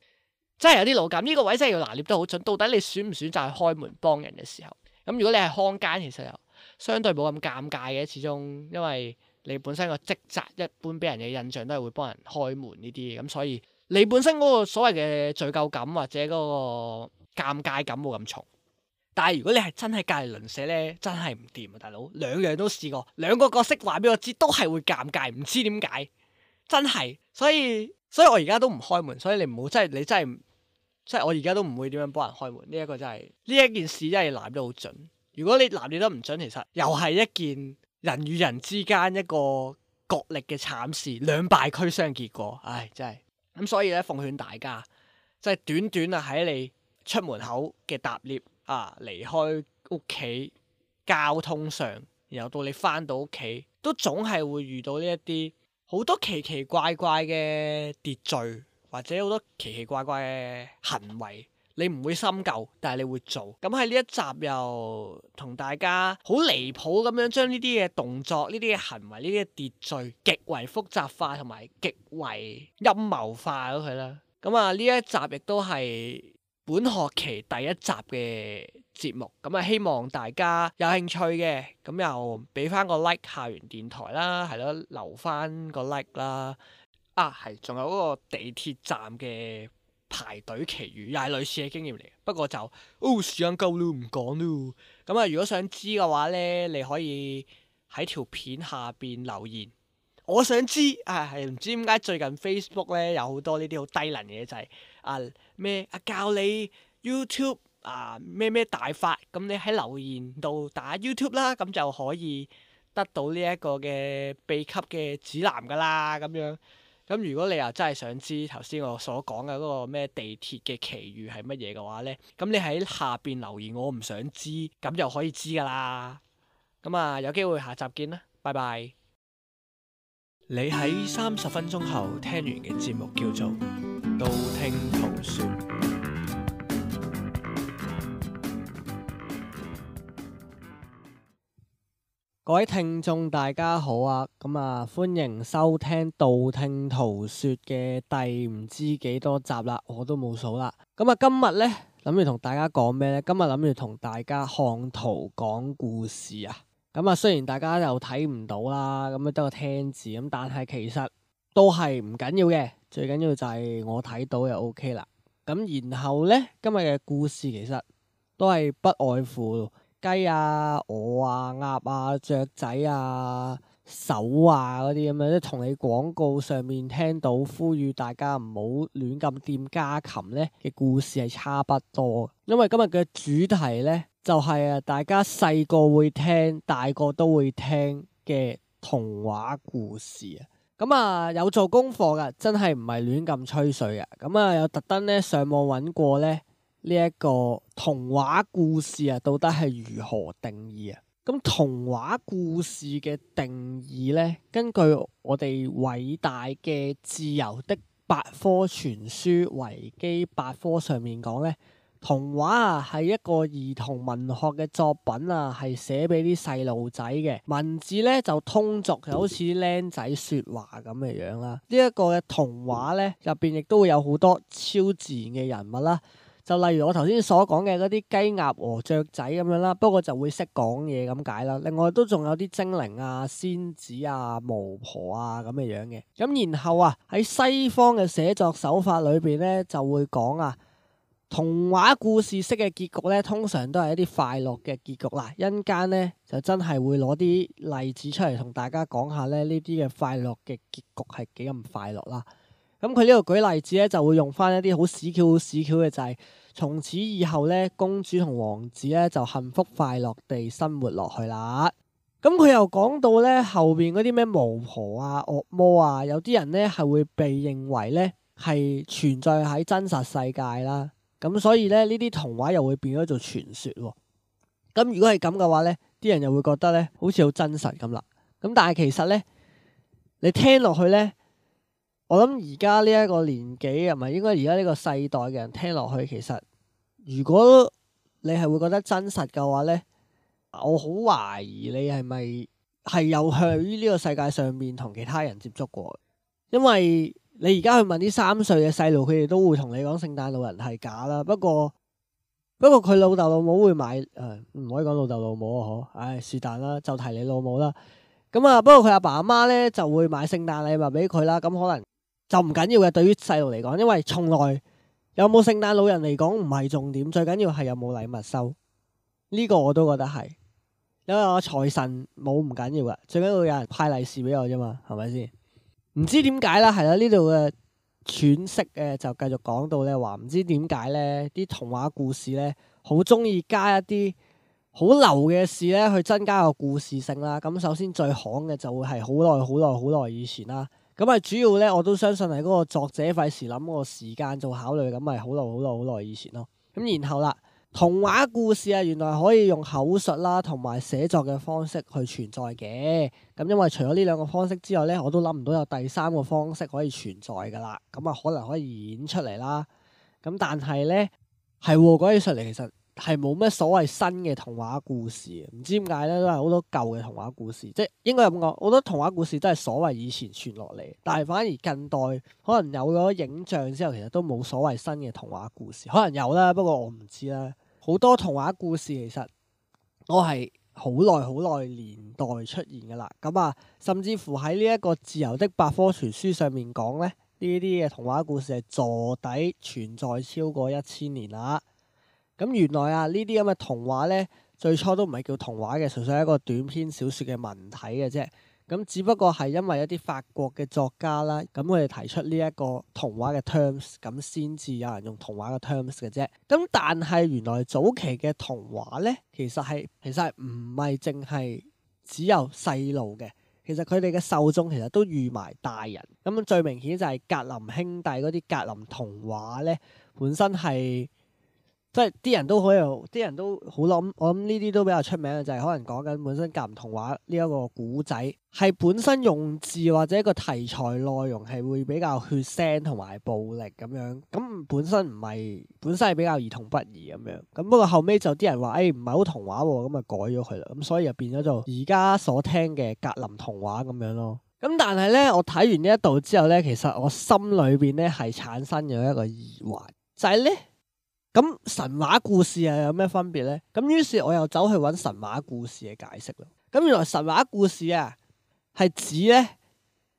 真係有啲老尷，呢個位真係要拿捏得好準，到底你選唔選擇去開門幫人嘅時候，咁如果你係康間其實又相對冇咁尷尬嘅，始終因為。你本身個職責一般俾人嘅印象都係會幫人開門呢啲嘅，咁所以你本身嗰個所謂嘅罪疚感或者嗰個尷尬感冇咁重。但係如果你係真係隔離鄰舍咧，真係唔掂啊，大佬！兩樣都試過，兩個角色話俾我知都係會尷尬，唔知點解，真係。所以所以我而家都唔開門，所以你唔好真係你真係即係我而家都唔會點樣幫人開門。呢一個真係呢一件事真係揦得好準。如果你揦你都唔準，其實又係一件。人與人之間一個角力嘅慘事，兩敗俱傷結果，唉，真係咁所以咧，奉勸大家，即係短短啊喺你出門口嘅搭 lift 啊，離開屋企交通上，然後到你翻到屋企，都總係會遇到呢一啲好多奇奇怪怪嘅秩序，或者好多奇奇怪怪嘅行為。你唔會深究，但係你會做。咁喺呢一集又同大家好離譜咁樣將呢啲嘅動作、呢啲嘅行為、呢啲嘅秩序極為複雜化同埋極為陰謀化咗佢啦。咁啊，呢一集亦都係本學期第一集嘅節目。咁啊，希望大家有興趣嘅，咁又俾翻個 like 校園電台啦，係咯，留翻個 like 啦。啊，係，仲有個地鐵站嘅。排隊祈雨又係類似嘅經驗嚟，不過就哦時間夠啦，唔講啦。咁、嗯、啊，如果想知嘅話咧，你可以喺條片下邊留言，我想知啊，係唔知點解，最近 Facebook 咧有好多呢啲好低能嘅嘢，就係、是、啊咩啊教你 YouTube 啊咩咩大法，咁、嗯、你喺留言度打 YouTube 啦，咁、嗯、就可以得到呢一個嘅秘笈嘅指南噶啦，咁樣。咁如果你又真係想知頭先我所講嘅嗰個咩地鐵嘅奇遇係乜嘢嘅話呢？咁你喺下邊留言，我唔想知，咁就可以知噶啦。咁啊，有機會下集見啦，拜拜。你喺三十分鐘後聽完嘅節目叫做《道聽圖說》。各位聽眾，大家好啊！咁啊，歡迎收聽道聽圖說嘅第唔知幾多集啦，我都冇數啦。咁啊，今日咧諗住同大家講咩咧？今日諗住同大家看圖講故事啊！咁啊，雖然大家又睇唔到啦，咁啊得個聽字咁，但係其實都係唔緊要嘅。最緊要就係我睇到就 OK 啦。咁然後咧，今日嘅故事其實都係不外乎。雞啊、鵝啊、鴨啊、雀仔啊、手啊嗰啲咁樣，即同你廣告上面聽到呼籲大家唔好亂咁掂家禽咧嘅故事係差不多。因為今日嘅主題咧，就係啊大家細個會聽、大個都會聽嘅童話故事啊。咁啊有做功課㗎，真係唔係亂咁吹水㗎。咁啊有特登咧上網揾過咧。呢一個童話故事啊，到底係如何定義啊？咁童話故事嘅定義咧，根據我哋偉大嘅自由的百科全書維基百科上面講咧，童話啊係一個兒童文學嘅作品啊，係寫俾啲細路仔嘅文字咧就通俗，就好似啲僆仔說話咁嘅樣啦。呢一個嘅童話咧入邊亦都有好多超自然嘅人物啦。就例如我頭先所講嘅嗰啲雞鴨和雀仔咁樣啦，不過就會識講嘢咁解啦。另外都仲有啲精靈啊、仙子啊、巫婆啊咁嘅樣嘅。咁然後啊，喺西方嘅寫作手法裏邊咧，就會講啊童話故事式嘅結局咧，通常都係一啲快樂嘅結局啦。一陣間咧，就真係會攞啲例子出嚟同大家講下咧，呢啲嘅快樂嘅結局係幾咁快樂啦。咁佢呢度舉例子咧，就會用翻一啲好屎巧好屎巧嘅就係，從此以後咧，公主同王子咧就幸福快樂地生活落去啦。咁佢又講到咧後邊嗰啲咩巫婆啊、惡魔啊，有啲人咧係會被認為咧係存在喺真實世界啦。咁所以咧呢啲童話又會變咗做傳說。咁如果係咁嘅話咧，啲人又會覺得咧好似好真實咁啦。咁但係其實咧，你聽落去咧。我諗而家呢一個年紀，係咪應該而家呢個世代嘅人聽落去，其實如果你係會覺得真實嘅話呢，我好懷疑你係咪係有向於呢個世界上面同其他人接觸過？因為你而家去問啲三歲嘅細路，佢哋都會同你講聖誕老人係假啦。不過不過佢老豆老母會買誒，唔可以講老豆老母啊，嗬，唉，是但啦，就提你老母啦。咁啊，不過佢阿爸阿媽呢，就會買聖誕禮物俾佢啦。咁可能。就唔緊要嘅，對於細路嚟講，因為從來有冇聖誕老人嚟講唔係重點，最緊要係有冇禮物收。呢、這個我都覺得係，因為我財神冇唔緊要嘅，最緊要有人派利是俾我啫嘛，係咪先？唔知點解啦，係啦呢度嘅喘息嘅、啊、就繼續講到咧，話唔知點解咧，啲童話故事咧好中意加一啲好流嘅事咧去增加個故事性啦。咁、嗯、首先最罕嘅就會係好耐好耐好耐以前啦。咁啊，主要咧，我都相信係嗰個作者費事諗個時間做考慮，咁咪好耐好耐好耐以前咯。咁然後啦，童話故事啊，原來可以用口述啦，同埋寫作嘅方式去存在嘅。咁因為除咗呢兩個方式之外咧，我都諗唔到有第三個方式可以存在噶啦。咁啊，可能可以演出嚟啦。咁但係咧，係講起出嚟其實。係冇咩所謂新嘅童話故事，唔知點解咧，都係好多舊嘅童話故事。即係應該咁講，好多童話故事都係所謂以前傳落嚟。但係反而近代可能有咗影像之後，其實都冇所謂新嘅童話故事。可能有啦，不過我唔知啦。好多童話故事其實我係好耐好耐年代出現㗎喇。咁啊，甚至乎喺呢一個自由的百科全書上面講咧，呢啲嘅童話故事係坐底存在超過一千年啦。咁原來啊，呢啲咁嘅童話咧，最初都唔係叫童話嘅，純粹係一個短篇小說嘅文體嘅啫。咁只不過係因為一啲法國嘅作家啦，咁佢哋提出呢一個童話嘅 terms，咁先至有人用童話嘅 terms 嘅啫。咁但係原來早期嘅童話咧，其實係其實係唔係淨係只有細路嘅，其實佢哋嘅受眾其實都預埋大人。咁最明顯就係格林兄弟嗰啲格林童話咧，本身係。即係啲人都好有，啲人都好諗。我諗呢啲都比較出名嘅，就係、是、可能講緊本身格林童話呢一個古仔，係本身用字或者個題材內容係會比較血腥同埋暴力咁樣。咁本身唔係，本身係比較兒童不宜咁樣。咁、哎、不過後尾就啲人話，誒唔係好童話喎、啊，咁啊改咗佢啦。咁所以就變咗做而家所聽嘅格林童話咁樣咯。咁但係咧，我睇完呢一度之後咧，其實我心裏邊咧係產生咗一個疑惑，就係、是、咧。咁神話故事又有咩分別呢？咁於是我又走去揾神話故事嘅解釋咯。咁原來神話故事啊，係指咧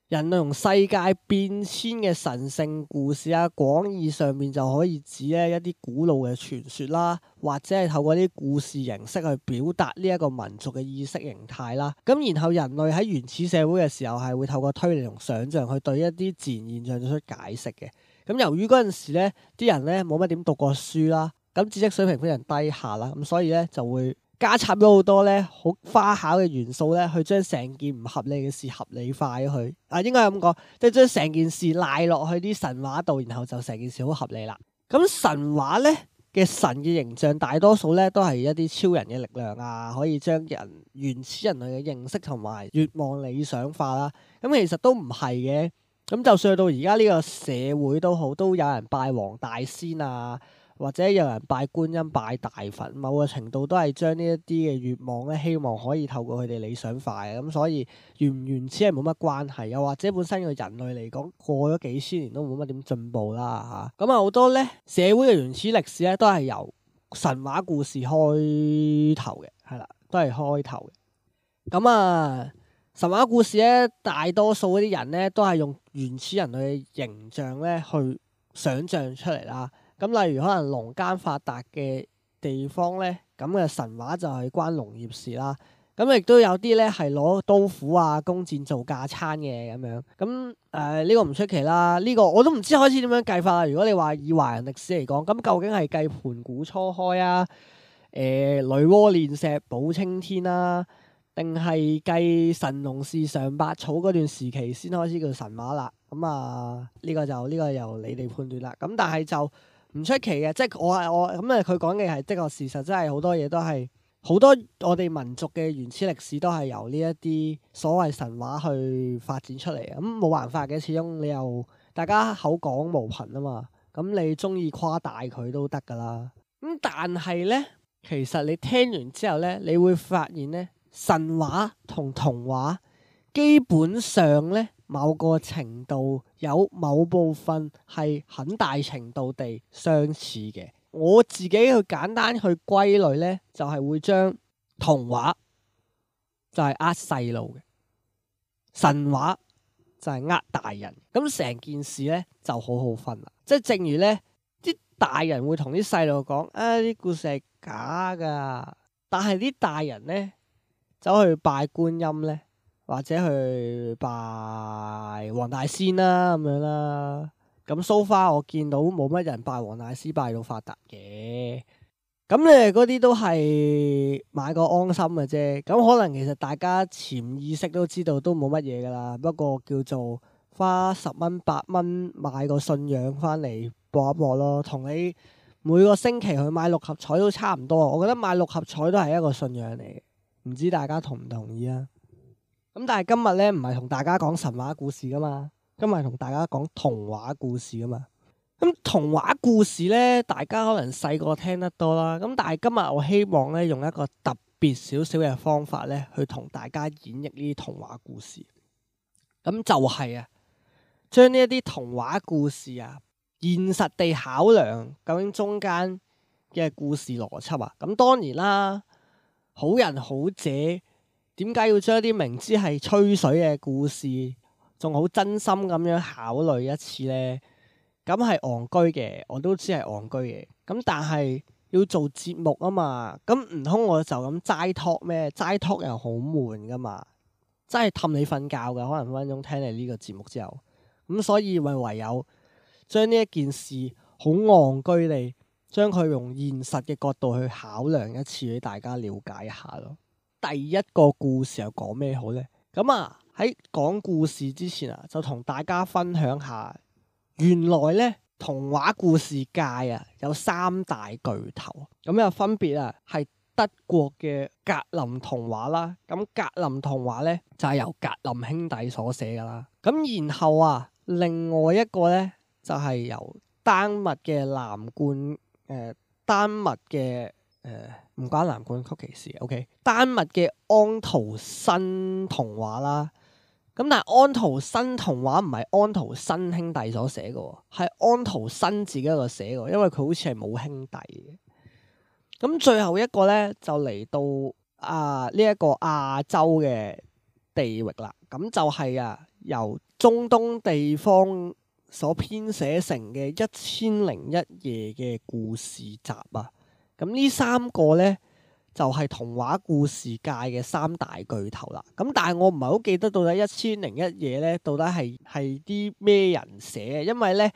人類同世界變遷嘅神聖故事啊，廣義上面就可以指咧一啲古老嘅傳說啦，或者係透過啲故事形式去表達呢一個民族嘅意識形態啦。咁然後人類喺原始社會嘅時候係會透過推理同想象去對一啲自然現象做出解釋嘅。咁由於嗰陣時咧，啲人咧冇乜點讀過書啦，咁知識水平非常低下啦，咁所以咧就會加插咗好多咧好花巧嘅元素咧，去將成件唔合理嘅事合理化咗佢。啊，應該係咁講，即係將成件事賴落去啲神話度，然後就成件事好合理啦。咁神話咧嘅神嘅形象，大多數咧都係一啲超人嘅力量啊，可以將人原始人類嘅認識同埋願望理想化啦。咁其實都唔係嘅。咁就算到而家呢個社會都好，都有人拜黃大仙啊，或者有人拜觀音、拜大佛，某個程度都係將呢一啲嘅願望咧，希望可以透過佢哋理想化嘅，咁所以原唔原，原始係冇乜關係，又或者本身個人類嚟講，過咗幾千年都冇乜點進步啦吓。咁啊，好多咧社會嘅原始歷史咧，都係由神話故事開頭嘅，係啦，都係開頭嘅。咁啊。神話故事咧，大多數啲人咧，都係用原始人類嘅形象咧，去想象出嚟啦。咁例如可能農耕發達嘅地方咧，咁嘅神話就係關農業事啦。咁亦都有啲咧係攞刀斧啊、弓箭做架撐嘅咁樣。咁誒呢個唔出奇啦。呢、呢個我都唔知開始點樣計法啊。如果你話以華人歷史嚟講，咁究竟係計盤古初開啊？誒、呃，女媧煉石補青天啦、啊。定係繼神農氏嘗百草嗰段時期先開始叫神話啦，咁啊呢個就呢、呢個就由你哋判斷啦。咁、嗯、但係就唔出奇嘅，即係我係我咁啊，佢講嘅係的確事實真，真係好多嘢都係好多我哋民族嘅原始歷史都係由呢一啲所謂神話去發展出嚟嘅。咁、嗯、冇辦法嘅，始終你又大家口講無憑啊嘛。咁、嗯、你中意誇大佢都得噶啦。咁、嗯、但係咧，其實你聽完之後咧，你會發現咧。神話同童話基本上咧，某個程度有某部分係很大程度地相似嘅。我自己去簡單去歸類咧，就係會將童話就係呃細路嘅神話就係呃大人。咁成件事咧就好好分啦。即係正如咧，啲大人會同啲細路講啊，啲故事係假噶，但係啲大人咧。走去拜觀音咧，或者去拜黃大仙啦、啊，咁樣啦、啊。咁蘇花，我見到冇乜人拜黃大仙拜到發達嘅。咁你哋嗰啲都係買個安心嘅啫。咁可能其實大家潛意識都知道都冇乜嘢噶啦。不過叫做花十蚊八蚊買個信仰翻嚟搏一搏咯。同你每個星期去買六合彩都差唔多。我覺得買六合彩都係一個信仰嚟。唔知大家同唔同意啊？咁但係今日咧，唔係同大家講神話故事噶嘛，今日同大家講童話故事噶嘛。咁童話故事咧，大家可能細個聽得多啦。咁但係今日我希望咧，用一個特別少少嘅方法咧，去同大家演繹呢啲童話故事。咁、嗯、就係、是、啊，將呢一啲童話故事啊，現實地考量究竟中間嘅故事邏輯啊。咁、嗯、當然啦。好人好者點解要將啲明知係吹水嘅故事，仲好真心咁樣考慮一次呢？咁係戇居嘅，我都知係戇居嘅。咁但係要做節目啊嘛，咁唔通我就咁齋托咩？齋托又好悶噶嘛，真係氹你瞓覺㗎。可能分分鐘聽你呢個節目之後，咁、嗯、所以咪唯有將呢一件事好戇居你。將佢用現實嘅角度去考量一次，俾大家了解一下咯。第一個故事又講咩好呢？咁啊喺講故事之前啊，就同大家分享下，原來呢，童話故事界啊有三大巨頭，咁又分別啊係德國嘅格林童話啦。咁格林童話呢，就係由格林兄弟所寫噶啦。咁然後啊，另外一個呢，就係由丹麥嘅南冠。誒、呃、丹麥嘅誒唔關藍冠曲奇事，OK。丹麥嘅安徒生童話啦，咁但係安徒生童話唔係安徒生兄弟所寫嘅，係安徒生自己喺度寫嘅，因為佢好似係冇兄弟嘅。咁最後一個咧就嚟到啊呢一、這個亞洲嘅地域啦，咁就係啊由中東地方，所編寫成嘅一千零一夜嘅故事集啊，咁呢三個呢，就係、是、童話故事界嘅三大巨頭啦。咁但係我唔係好記得到底一千零一夜呢到底係係啲咩人寫，因為呢，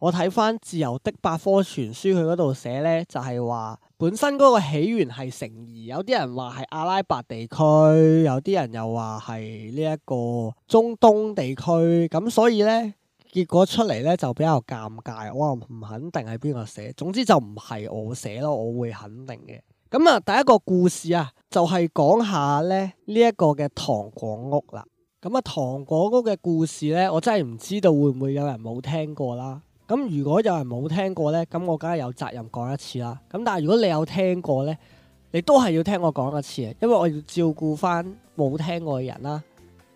我睇翻自由的百科全書，佢嗰度寫呢，就係、是、話本身嗰個起源係成疑，有啲人話係阿拉伯地區，有啲人又話係呢一個中東地區，咁所以呢。結果出嚟咧就比較尷尬，我唔肯定係邊個寫，總之就唔係我寫咯，我會肯定嘅。咁啊，第一個故事啊，就係講下咧呢一個嘅糖果屋啦。咁啊，糖果屋嘅故事咧，我真係唔知道會唔會有人冇聽過啦。咁如果有人冇聽過咧，咁我梗係有責任講一次啦。咁但係如果你有聽過咧，你都係要聽我講一次啊，因為我要照顧翻冇聽過嘅人啦。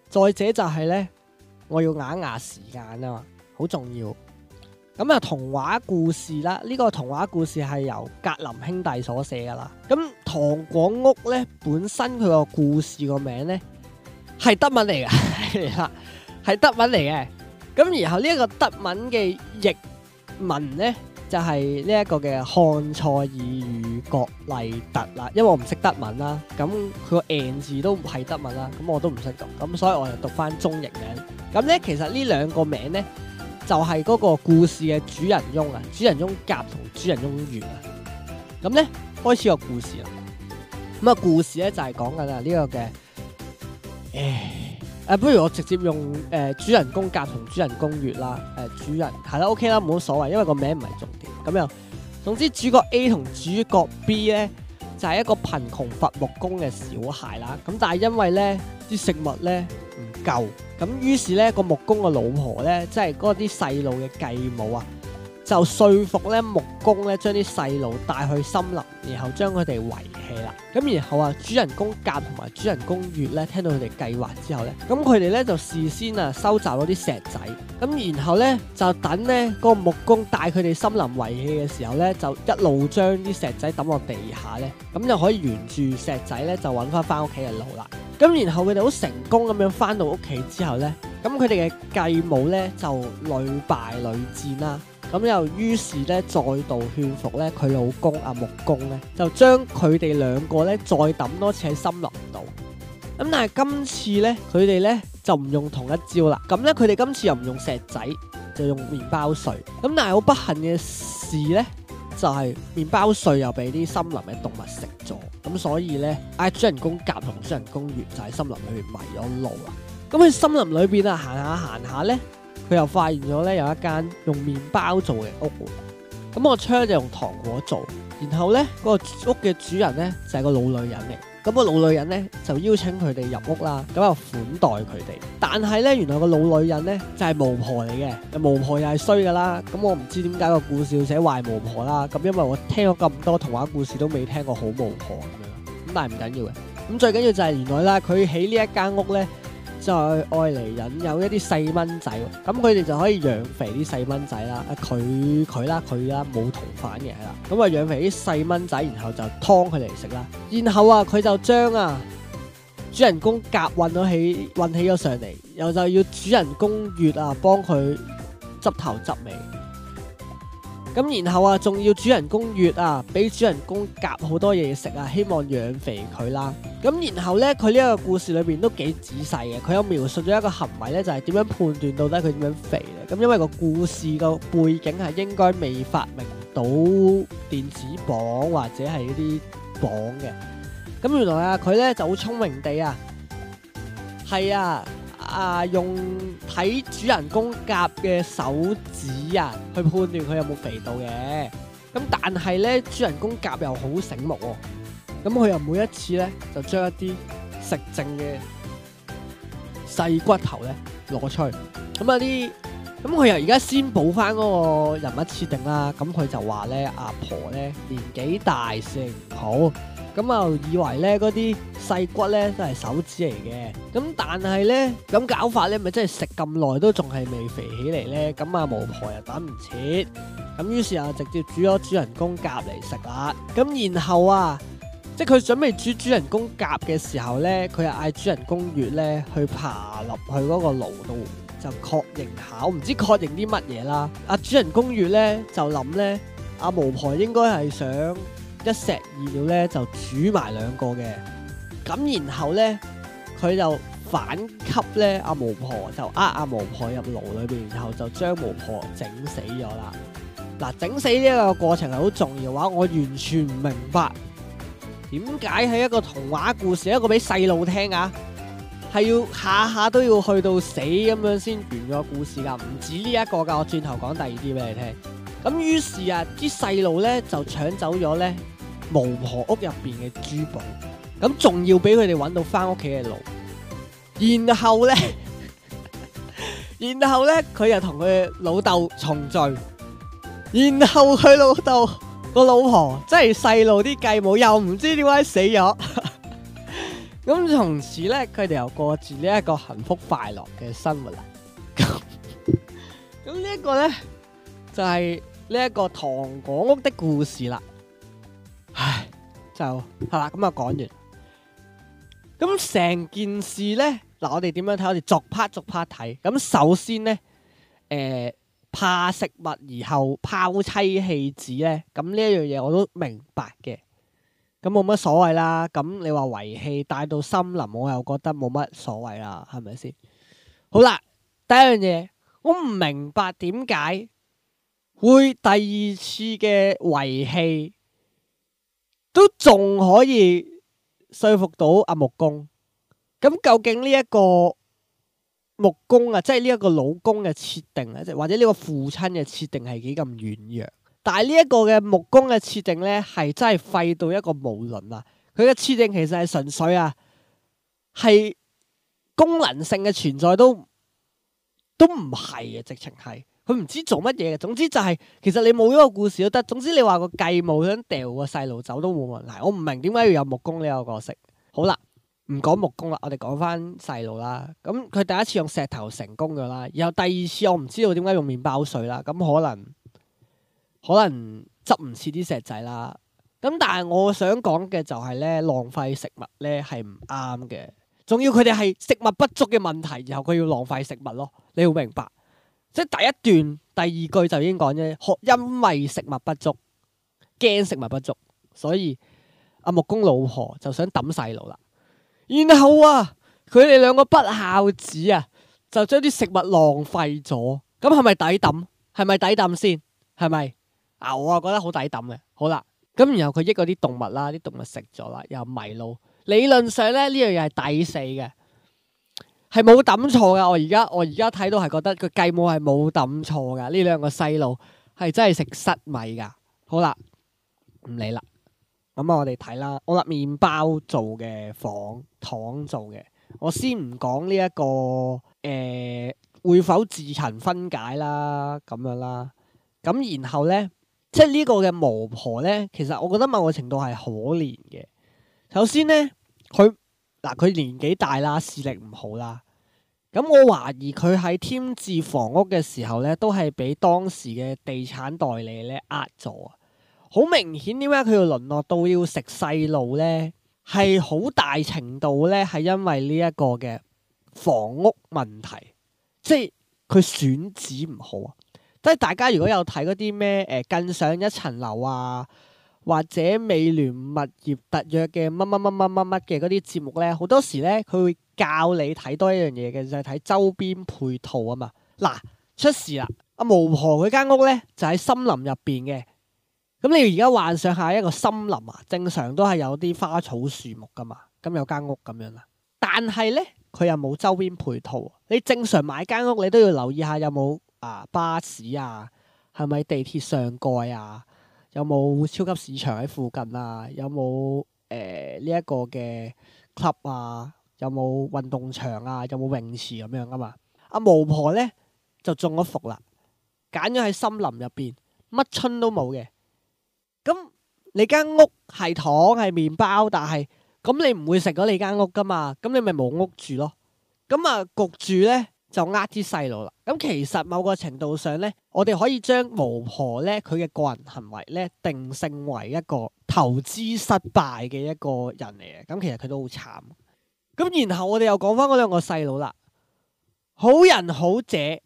再者就係咧。我要咬牙時間啊，好重要。咁啊，童話故事啦，呢、這個童話故事係由格林兄弟所寫噶啦。咁《糖果屋》咧，本身佢個故事個名咧係德文嚟噶啦，係 德文嚟嘅。咁然後呢一個德文嘅譯文咧，就係呢一個嘅漢賽爾與葛麗特啦。因為我唔識德文啦，咁佢個 n 字都唔係德文啦，咁我都唔識讀，咁所以我就讀翻中譯名。咁咧，其實呢兩個名咧，就係、是、嗰個故事嘅主人翁啊，主人翁甲同主人翁乙啊。咁咧，開始個故事啦。咁啊，故事咧就係講緊啊呢個嘅，誒，啊不如我直接用誒、呃、主人公甲同主人公乙啦，誒、呃、主人係啦、嗯、，OK 啦，冇所謂，因為個名唔係重點。咁樣總之主角 A 同主角 B 咧，就係、是、一個貧窮伐木工嘅小孩啦。咁但係因為咧啲食物咧。夠咁，於是咧個木工嘅老婆咧，即係嗰啲細路嘅繼母啊。就説服咧木工咧，將啲細路帶去森林，然後將佢哋遺棄啦。咁然後啊，主人公甲同埋主人公乙咧，聽到佢哋計劃之後咧，咁佢哋咧就事先啊收集咗啲石仔，咁然後咧就等咧個木工帶佢哋森林遺棄嘅時候咧，就一路將啲石仔抌落地下咧，咁就可以沿住石仔咧就揾翻翻屋企嘅路啦。咁然後佢哋好成功咁樣翻到屋企之後咧，咁佢哋嘅繼母咧就屢敗屢戰啦。咁又於是咧，再度勸服咧佢老公阿木工咧，就將佢哋兩個咧再抌多次喺森林度。咁但係今次咧，佢哋咧就唔用同一招啦。咁咧佢哋今次又唔用石仔，就用麵包碎。咁但係好不幸嘅事咧，就係麵包碎又俾啲森林嘅動物食咗。咁所以咧，嗌主人公甲同主人公乙就喺森林裏面迷咗路啦。咁喺森林裏邊啊，行下行下咧～佢又發現咗咧有一間用麵包做嘅屋，咁個窗就用糖果做，然後咧個屋嘅主人咧就係個老女人嚟，咁個老女人咧就邀請佢哋入屋啦，咁又款待佢哋，但係咧原來個老女人咧就係巫婆嚟嘅，巫婆又係衰噶啦，咁我唔知點解個故事要寫壞巫婆啦，咁因為我聽咗咁多童話故事都未聽過好巫婆咁樣，咁但係唔緊要嘅，咁最緊要就係原來啦佢喺呢一間屋咧。再愛嚟引誘一啲細蚊仔，咁佢哋就可以養肥啲細蚊仔啦。佢佢啦佢啦冇同反嘅啦，咁啊養肥啲細蚊仔，然後就劏佢嚟食啦。然後啊，佢就將啊主人公夾運咗起，運起咗上嚟，然後就要主人公月啊幫佢執頭執尾。咁然後啊，仲要主人公月啊，俾主人公夾好多嘢食啊，希望養肥佢啦。咁然後呢，佢呢個故事裏邊都幾仔細嘅，佢有描述咗一個行為呢，就係點樣判斷到底佢點樣肥咧。咁因為個故事個背景係應該未發明到電子磅或者係一啲磅嘅。咁原來啊，佢呢就好聰明地啊，係啊。啊！用睇主人公甲嘅手指啊，去判斷佢有冇肥到嘅。咁但係咧，主人公甲又好醒目喎、哦。咁佢又每一次咧，就將一啲食剩嘅細骨頭咧攞出去。咁啊啲，咁佢又而家先補翻嗰個人物設定啦。咁佢就話咧，阿婆咧年紀大，性好。咁又以為咧，嗰啲細骨咧都係手指嚟嘅。咁但係咧，咁搞法咧，咪真係食咁耐都仲係未肥起嚟咧。咁阿巫婆又等唔切。咁於是就直接煮咗主人公甲嚟食啦。咁然後啊，即係佢準備煮主人公甲嘅時候咧，佢就嗌主人公乙咧去爬入去嗰個爐度，就確認下，唔知確認啲乜嘢啦。阿主人公乙咧就諗咧，阿巫婆應該係想。一石二鳥咧，就煮埋兩個嘅，咁然後咧佢就反給咧阿巫婆，就呃阿巫婆入爐裏邊，然後就將巫婆整死咗啦。嗱，整死呢一個過程係好重要嘅話，我完全唔明白點解係一個童話故事，一個俾細路聽啊，係要下下都要去到死咁樣先完個故事噶？唔止呢一個噶，我轉頭講第二啲俾你聽。咁於是啊，啲細路咧就搶走咗咧，巫婆屋入邊嘅珠寶，咁仲要俾佢哋揾到翻屋企嘅路，然後咧， 然後咧，佢又同佢老豆重聚，然後佢老豆個老婆，即係細路啲繼母，又唔知點解死咗，咁 從此咧，佢哋又過住呢一個幸福快樂嘅生活啦。咁，咁呢一個咧，就係呢一個糖果屋的故事啦。唉，就係啦，咁啊，講完，咁成件事呢，嗱，我哋點樣睇？我哋逐拍逐拍睇。咁首先呢，誒、呃，怕食物而後拋妻棄子呢。咁呢一樣嘢我都明白嘅，咁冇乜所謂啦。咁你話遺棄帶到森林，我又覺得冇乜所謂啦，係咪先？好啦，第一樣嘢，我唔明白點解會第二次嘅遺棄。都仲可以說服到阿、啊、木工，咁究竟呢一個木工啊，即係呢一個老公嘅設定咧，或者呢個父親嘅設定係幾咁軟弱？但係呢一個嘅木工嘅設定咧，係真係廢到一個無倫啦、啊！佢嘅設定其實係純粹啊，係功能性嘅存在都都唔係啊，直情係。佢唔知做乜嘢嘅，總之就係其實你冇呢個故事都得。總之你話個繼母想掉個細路走都冇問題。我唔明點解要有木工呢個角色。好啦，唔講木工啦，我哋講翻細路啦。咁佢第一次用石頭成功噶啦，然後第二次我唔知道點解用麵包碎啦。咁可能可能執唔切啲石仔啦。咁但係我想講嘅就係咧，浪費食物咧係唔啱嘅。仲要佢哋係食物不足嘅問題，然後佢要浪費食物咯。你要明白。即係第一段第二句就已經講咗：「因因為食物不足，驚食物不足，所以阿木工老婆就想抌細路啦。然後啊，佢哋兩個不孝子啊，就將啲食物浪費咗。咁係咪抵抌？係咪抵抌先？係咪牛啊？我覺得好抵抌嘅。好啦，咁然後佢益嗰啲動物啦，啲動物食咗啦，又迷路。理論上咧呢樣嘢係抵死嘅。這個係冇抌錯噶，我而家我而家睇到係覺得個繼母係冇抌錯噶，呢兩個細路係真係食失米噶。好啦，唔理啦，咁啊，我哋睇啦。我立麵包做嘅房糖做嘅，我先唔講呢、這、一個誒、呃、會否自行分解啦咁樣啦。咁然後咧，即係呢個嘅巫婆咧，其實我覺得某個程度係可憐嘅。首先咧，佢嗱佢年紀大啦，視力唔好啦。咁我懷疑佢喺添置房屋嘅時候咧，都係俾當時嘅地產代理咧呃咗啊！好明顯點解佢要淪落到要食細路咧，係好大程度咧係因為呢一個嘅房屋問題，即係佢選址唔好啊！即係大家如果有睇嗰啲咩誒更上一層樓啊，或者美聯物業特約嘅乜乜乜乜乜乜嘅嗰啲節目咧，好多時咧佢會教你睇多一樣嘢，嘅就係睇周邊配套啊嘛，嗱出事啦，阿巫婆佢間屋咧就喺森林入邊嘅，咁你而家幻想下一個森林啊，正常都係有啲花草樹木噶嘛，咁有間屋咁樣啦，但係咧佢又冇周邊配套，你正常買間屋你都要留意下有冇啊巴士啊，係咪地鐵上蓋啊，有冇超級市場喺附近啊，有冇誒呢一個嘅 club 啊？有冇運動場啊？有冇泳池咁樣噶嘛？阿、啊、巫婆咧就中咗伏啦，揀咗喺森林入邊，乜春都冇嘅。咁、嗯、你間屋係糖係麵包，但係咁、嗯、你唔會食咗你間屋噶嘛？咁、嗯、你咪冇屋住咯。咁、嗯、啊焗住咧就呃啲細路啦。咁、嗯、其實某個程度上咧，我哋可以將巫婆咧佢嘅個人行為咧定性為一個投資失敗嘅一個人嚟嘅。咁、嗯、其實佢都好慘。咁然後我哋又講翻嗰兩個細佬啦，好人好姐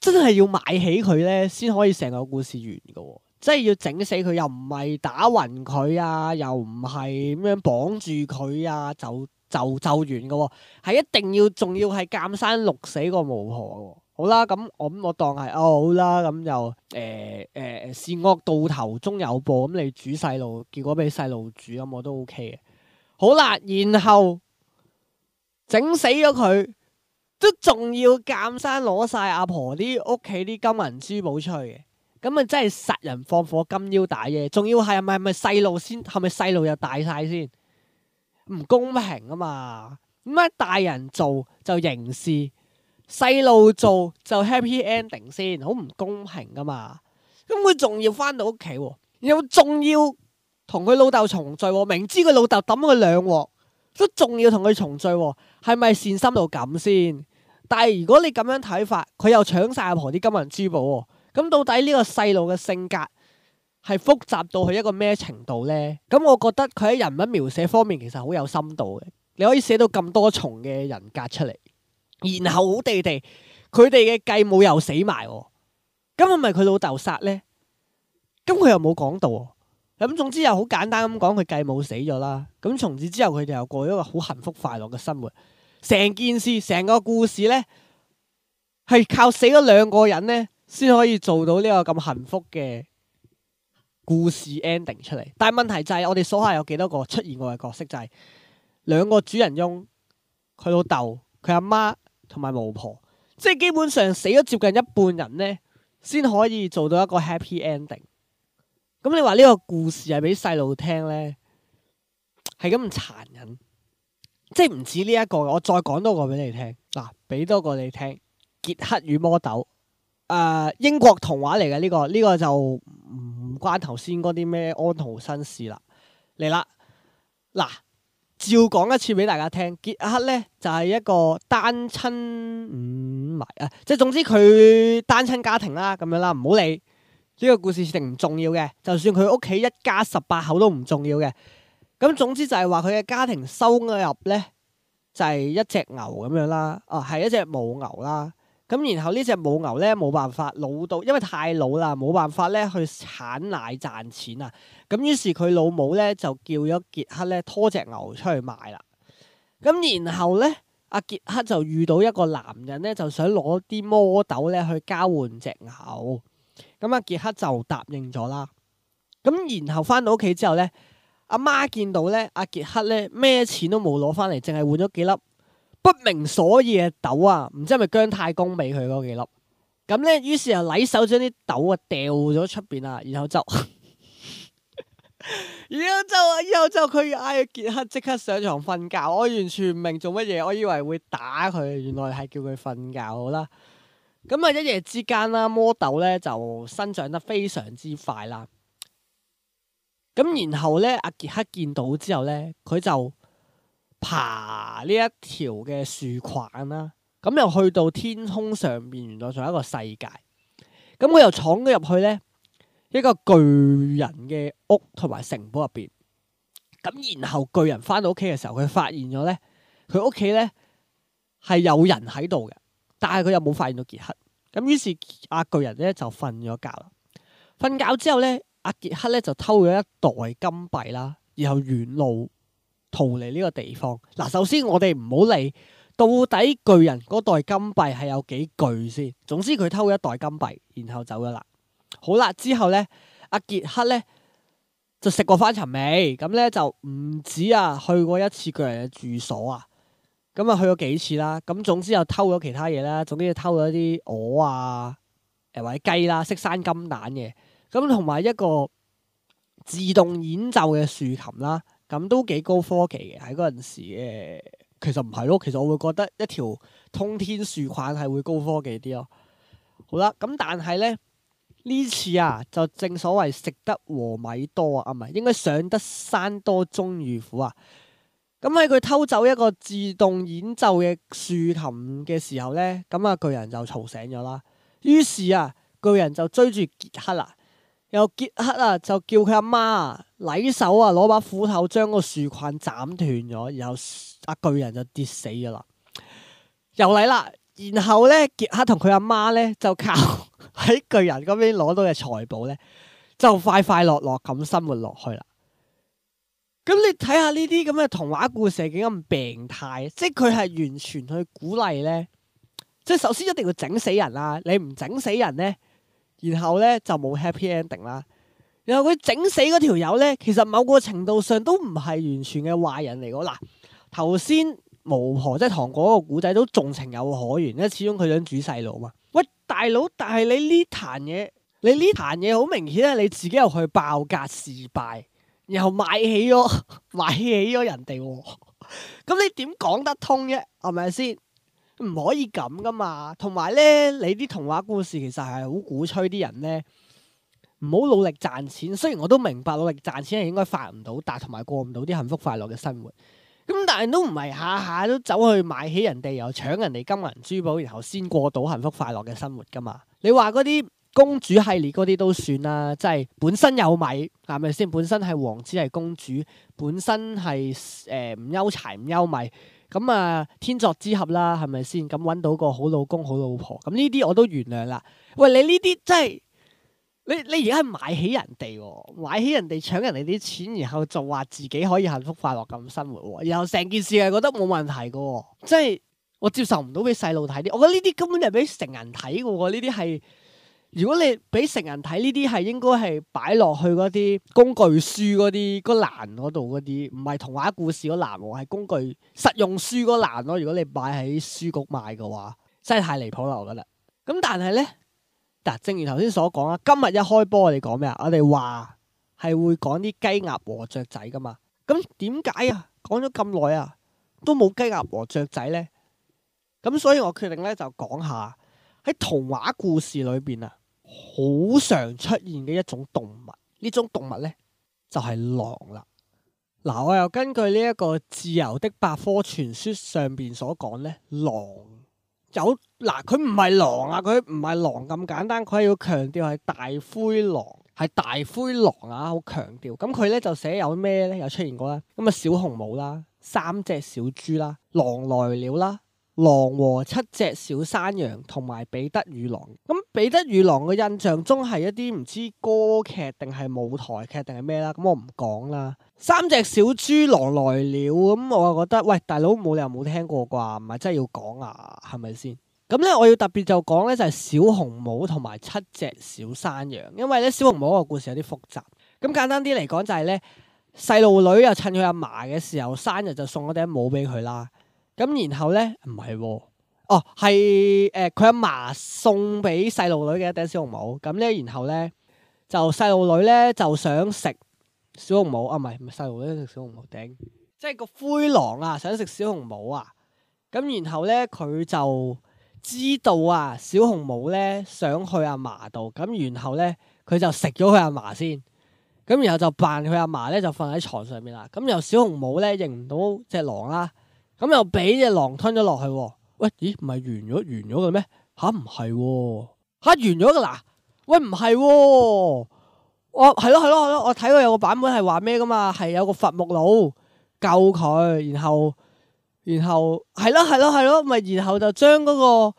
真係要買起佢咧，先可以成個故事完噶。即係要整死佢，又唔係打暈佢啊，又唔係咁樣綁住佢啊，就就就完噶。係一定要，仲要係監生綠死個巫婆。好啦，咁我我當係哦好啦，咁就，誒誒，善惡到頭終有報。咁你煮細路，結果俾細路煮，咁我都 O K 嘅。好啦，然後整死咗佢，都仲要夾硬攞晒阿婆啲屋企啲金銀珠寶出去嘅，咁啊真係殺人放火金腰帶嘅，仲要係咪咪細路先，係咪細路又大晒先？唔公平啊嘛。點解大人做就刑事，細路做就 happy ending 先？好唔公平噶嘛，咁佢仲要翻到屋企，又仲要。同佢老豆重聚，明知佢老豆抌佢兩鑊，都仲要同佢重聚，係咪善心到咁先？但係如果你咁樣睇法，佢又搶晒阿婆啲金銀珠寶喎，咁到底呢個細路嘅性格係複雜到去一個咩程度呢？咁我覺得佢喺人物描寫方面其實好有深度嘅，你可以寫到咁多重嘅人格出嚟，然後好地地佢哋嘅繼母又死埋喎，咁係咪佢老豆殺呢？咁佢又冇講到。咁總之又好簡單咁講，佢繼母死咗啦。咁從此之後，佢哋又過咗一個好幸福快樂嘅生活。成件事，成個故事呢，係靠死咗兩個人呢先可以做到呢個咁幸福嘅故事 ending 出嚟。但係問題就係，我哋數下有幾多個出現過嘅角色，就係兩個主人翁、佢老豆、佢阿媽同埋巫婆。即係基本上死咗接近一半人呢，先可以做到一個 happy ending。咁你話呢個故事係俾細路聽咧，係咁咁殘忍，即係唔止呢、這、一個我再講多個俾你聽，嗱，俾多個你聽《傑克與魔豆》誒、呃，英國童話嚟嘅呢個，呢、這個就唔關頭先嗰啲咩安徒生事啦。嚟啦，嗱，照講一次俾大家聽。傑克咧就係、是、一個單親唔埋、嗯、啊，即係總之佢單親家庭啦咁樣啦，唔好理。呢個故事一定唔重要嘅，就算佢屋企一家十八口都唔重要嘅。咁總之就係話佢嘅家庭收入咧，就係、是、一隻牛咁樣啦。哦、啊，係一隻母牛啦。咁然後呢隻母牛咧冇辦法老到，因為太老啦，冇辦法咧去產奶賺錢啊。咁於是佢老母咧就叫咗傑克咧拖隻牛出去賣啦。咁然後咧，阿傑克就遇到一個男人咧，就想攞啲魔豆咧去交換隻牛。咁阿、嗯、傑克就答應咗啦，咁然後翻到屋企之後咧，阿媽，媽見到咧阿、啊、傑克咧咩錢都冇攞翻嚟，淨係換咗幾粒不明所以嘅豆啊，唔知係咪薑太公俾佢嗰幾粒？咁、嗯、咧，於是就攠手將啲豆啊掉咗出邊啦，然後就，然後就啊，然後就佢要嗌阿傑克即刻上床瞓覺，我完全唔明做乜嘢，我以為會打佢，原來係叫佢瞓覺好啦。咁啊，一夜之間啦，魔豆咧就生長得非常之快啦。咁然後咧，阿傑克見到之後咧，佢就爬呢一條嘅樹框啦，咁又去到天空上面，原來仲有一個世界。咁佢又闖咗入去咧，一個巨人嘅屋同埋城堡入邊。咁然後巨人翻到屋企嘅時候，佢發現咗咧，佢屋企咧係有人喺度嘅。但係佢又冇發現到傑克，咁於是阿巨人咧就瞓咗覺啦。瞓覺之後咧，阿傑克咧就偷咗一袋金幣啦，然後遠路逃離呢個地方。嗱，首先我哋唔好理到底巨人嗰袋金幣係有幾巨先，總之佢偷咗一袋金幣然後走咗啦。好啦，之後咧阿傑克咧就食過返尋味，咁咧就唔止啊去過一次巨人嘅住所啊。咁啊去咗幾次啦，咁總之又偷咗其他嘢啦，總之又偷咗啲鵝啊，誒或者雞啦，識生金蛋嘅，咁同埋一個自動演奏嘅豎琴啦，咁都幾高科技嘅喺嗰陣時、呃、其實唔係咯，其實我會覺得一條通天樹棍係會高科技啲咯。好啦，咁但係咧呢次啊，就正所謂食得禾米多啊，唔係應該上得山多終遇虎啊。咁喺佢偷走一個自動演奏嘅豎琴嘅時候咧，咁啊巨人就嘈醒咗啦。於是啊巨人就追住傑克啊，又傑克啊就叫佢阿媽啊禮手啊攞把斧頭將個樹捆斬斷咗，然後阿、啊、巨人就跌死咗啦。又嚟啦，然後咧傑克同佢阿媽咧就靠喺巨人嗰邊攞到嘅財寶咧，就快快樂樂咁生活落去啦。咁你睇下呢啲咁嘅童話故事係幾咁病態，即係佢係完全去鼓勵咧。即係首先一定要整死人啦，啊，你唔整死人咧，然後咧就冇 happy ending 啦。然後佢整死嗰條友咧，其實某個程度上都唔係完全嘅壞人嚟噶。嗱，頭先巫婆即係糖果嗰個古仔都仲情有可原，因為始終佢想煮細路嘛。喂，大佬，但係你呢壇嘢，你呢壇嘢好明顯係你自己又去爆格事敗。然後買起咗，買起咗人哋喎，咁你點講得通啫？係咪先？唔可以咁噶嘛。同埋咧，你啲童話故事其實係好鼓吹啲人咧，唔好努力賺錢。雖然我都明白努力賺錢係應該發唔到，但同埋過唔到啲幸福快樂嘅生活。咁但係都唔係下下都走去買起人哋，又搶人哋金銀珠寶，然後先過到幸福快樂嘅生活噶嘛？你話嗰啲？公主系列嗰啲都算啦，即係本身有米，係咪先？本身係王子係公主，本身係誒唔憂柴唔憂米，咁啊天作之合啦，係咪先？咁搵到個好老公好老婆，咁呢啲我都原諒啦。喂，你呢啲即係你你而家係買起人哋，買起人哋搶人哋啲錢，然後就話自己可以幸福快樂咁生活，然後成件事係覺得冇問題噶，即係我接受唔到俾細路睇啲，我覺得呢啲根本就係俾成人睇噶，呢啲係。如果你俾成人睇呢啲，係應該係擺落去嗰啲工具書嗰啲，個欄嗰度嗰啲，唔係童話故事個欄，係工具實用書個欄咯。如果你擺喺書局賣嘅話，真係太離譜流噶啦。咁但係咧嗱，正如頭先所講啊，今日一開波我哋講咩啊？我哋話係會講啲雞鴨和雀仔噶嘛。咁點解啊？講咗咁耐啊，都冇雞鴨和雀仔咧？咁所以我決定咧就講下喺童話故事裏邊啊。好常出現嘅一種動物，呢種動物呢，就係、是、狼啦。嗱，我又根據呢一個《自由的百科傳說，上面所說》上邊所講呢，狼有嗱，佢唔係狼啊，佢唔係狼咁簡單，佢係要強調係大灰狼，係大灰狼啊，好強調。咁佢呢就寫有咩呢？有出現過啦，咁啊小紅帽啦，三隻小豬啦，狼來了啦。《狼和七隻小山羊》同埋《彼得與狼》，咁《彼得與狼》嘅印象中係一啲唔知歌劇定係舞台劇定係咩啦，咁我唔講啦。三隻小豬狼來了，咁我又覺得喂，大佬冇，理由冇聽過啩，唔係真係要講啊，係咪先？咁咧我要特別就講咧就係《小紅帽》同埋《七隻小山羊》，因為咧《小紅帽》個故事有啲複雜，咁簡單啲嚟講就係咧細路女又趁佢阿嫲嘅時候生日就送咗頂帽俾佢啦。咁然後咧唔係喎，哦，係誒佢阿嫲送俾細路女嘅一頂小紅帽，咁呢然後咧就細路女咧就想食小，啊小，小，啊、小紅帽啊，唔係唔係細路女食小紅帽頂，即係個灰狼啊想食小紅帽啊，咁然後咧佢就知道啊小紅帽咧想去阿嫲度，咁然後咧佢就食咗佢阿嫲先，咁然後就扮佢阿嫲咧就瞓喺床上面啦，咁由小紅帽咧認唔到隻狼啦、啊。咁又俾隻狼吞咗落去？喂，咦，唔係完咗完咗嘅咩？吓唔係？吓完咗嘅喇？喂，唔係？哦，係咯係咯係咯，我睇過有個版本係話咩噶嘛？係有個伐木佬救佢，然後然後係咯係咯係咯，咪然後就將嗰個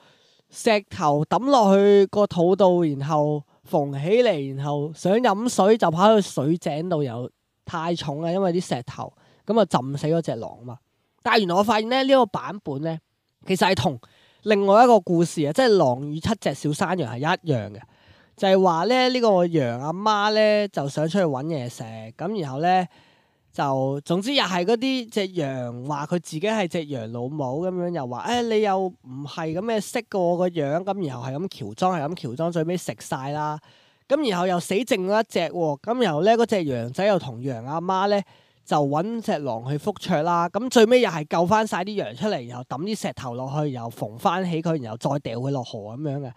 石頭抌落去個肚度，然後縫起嚟，然後想飲水就喺個水井度，又太重啊，因為啲石頭，咁啊浸死嗰隻狼嘛。但係原來我發現咧，呢、這個版本咧，其實係同另外一個故事啊，即係狼與七隻小山羊係一樣嘅，就係話咧呢、這個羊阿媽咧就想出去搵嘢食，咁然後咧就總之又係嗰啲隻羊話佢自己係隻羊老母咁樣，又話誒、哎、你又唔係咁嘅識過我個樣，咁然後係咁喬裝係咁喬裝，最尾食晒啦，咁然後又死剩一隻喎，咁然後咧嗰隻羊仔又同羊阿媽咧。就搵隻狼去覆卓啦，咁最尾又係救翻晒啲羊出嚟，然後抌啲石頭落去，又縫翻起佢，然後再掉佢落河咁樣嘅，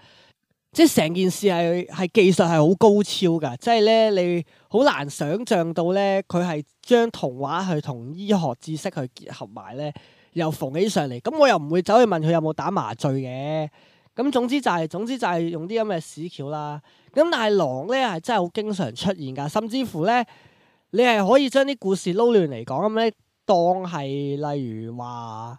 即係成件事係係技術係好高超噶，即係咧你好難想像到咧，佢係將童話去同醫學知識去結合埋咧，又縫起上嚟。咁我又唔會走去問佢有冇打麻醉嘅，咁總之就係總之就係用啲咁嘅屎橋啦。咁但係狼咧係真係好經常出現噶，甚至乎咧。你係可以將啲故事撈亂嚟講咁咧，當係例如話，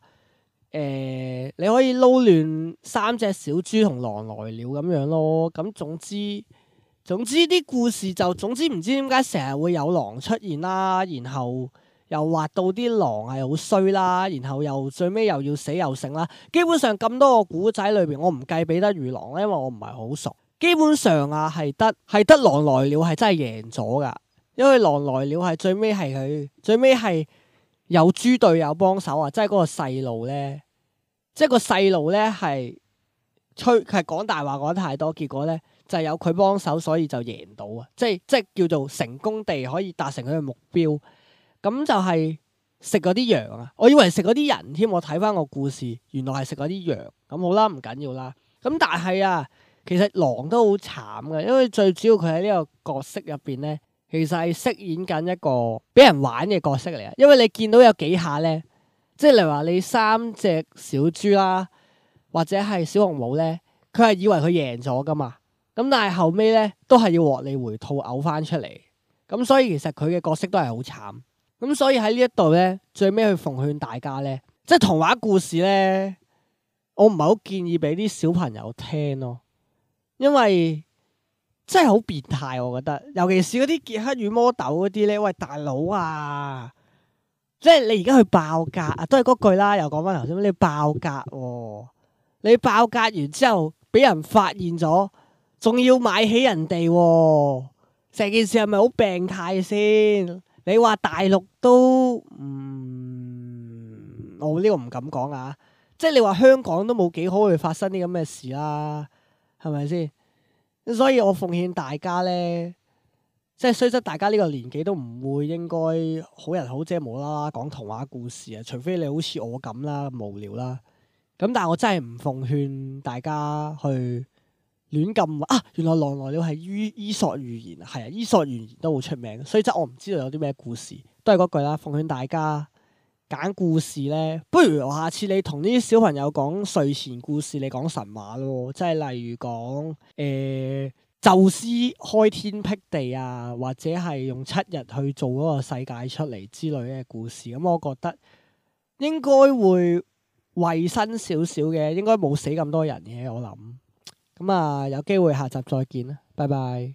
誒、欸，你可以撈亂三隻小豬同狼來了咁樣咯。咁總之，總之啲故事就總之唔知點解成日會有狼出現啦。然後又畫到啲狼係好衰啦。然後又最尾又要死又剩啦。基本上咁多個古仔裏邊，我唔計彼得與狼咧，因為我唔係好熟。基本上啊，係得係得狼來了係真係贏咗㗎。因為狼來了係最尾係佢最尾係有豬隊友幫手啊，即係嗰個細路咧，即係個細路咧係吹係講大話講太多，結果咧就係有佢幫手，所以就贏到啊！即係即係叫做成功地可以達成佢嘅目標。咁就係食嗰啲羊啊！我以為食嗰啲人添，我睇翻個故事，原來係食嗰啲羊。咁好啦，唔緊要啦。咁但係啊，其實狼都好慘嘅，因為最主要佢喺呢個角色入邊咧。其實係飾演緊一個俾人玩嘅角色嚟嘅，因為你見到有幾下呢，即係例如話你三隻小豬啦，或者係小紅帽呢，佢係以為佢贏咗噶嘛，咁但係後尾呢，都係要獲利回吐嘔翻出嚟，咁所以其實佢嘅角色都係好慘，咁所以喺呢一度呢，最尾去奉勸大家呢，即係童話故事呢，我唔係好建議俾啲小朋友聽咯，因為。真係好變態，我覺得，尤其是嗰啲傑克與魔豆嗰啲呢，喂，大佬啊，即係你而家去爆格，啊，都係嗰句啦。又講翻頭先，你爆格，啊，你爆格完之後俾人發現咗，仲要買起人哋，成件事係咪好病態先？你話大陸都，嗯，我呢個唔敢講啊，即係你話香港都冇幾好去發生啲咁嘅事啦，係咪先？所以我奉勸大家咧，即係雖則大家呢個年紀都唔會應該好人好姐冇啦啦講童話故事啊，除非你好似我咁啦無聊啦，咁但係我真係唔奉勸大家去亂撳啊！原來狼來了係伊伊索寓言啊，係啊，伊索寓言都好出名，雖則我唔知道有啲咩故事，都係嗰句啦，奉勸大家。揀故事咧，不如我下次你同啲小朋友講睡前故事，你講神話咯，即係例如講誒、呃、宙斯開天辟地啊，或者係用七日去做嗰個世界出嚟之類嘅故事。咁、嗯、我覺得應該會衛生少少嘅，應該冇死咁多人嘅。我諗咁啊，有機會下集再見啦，拜拜。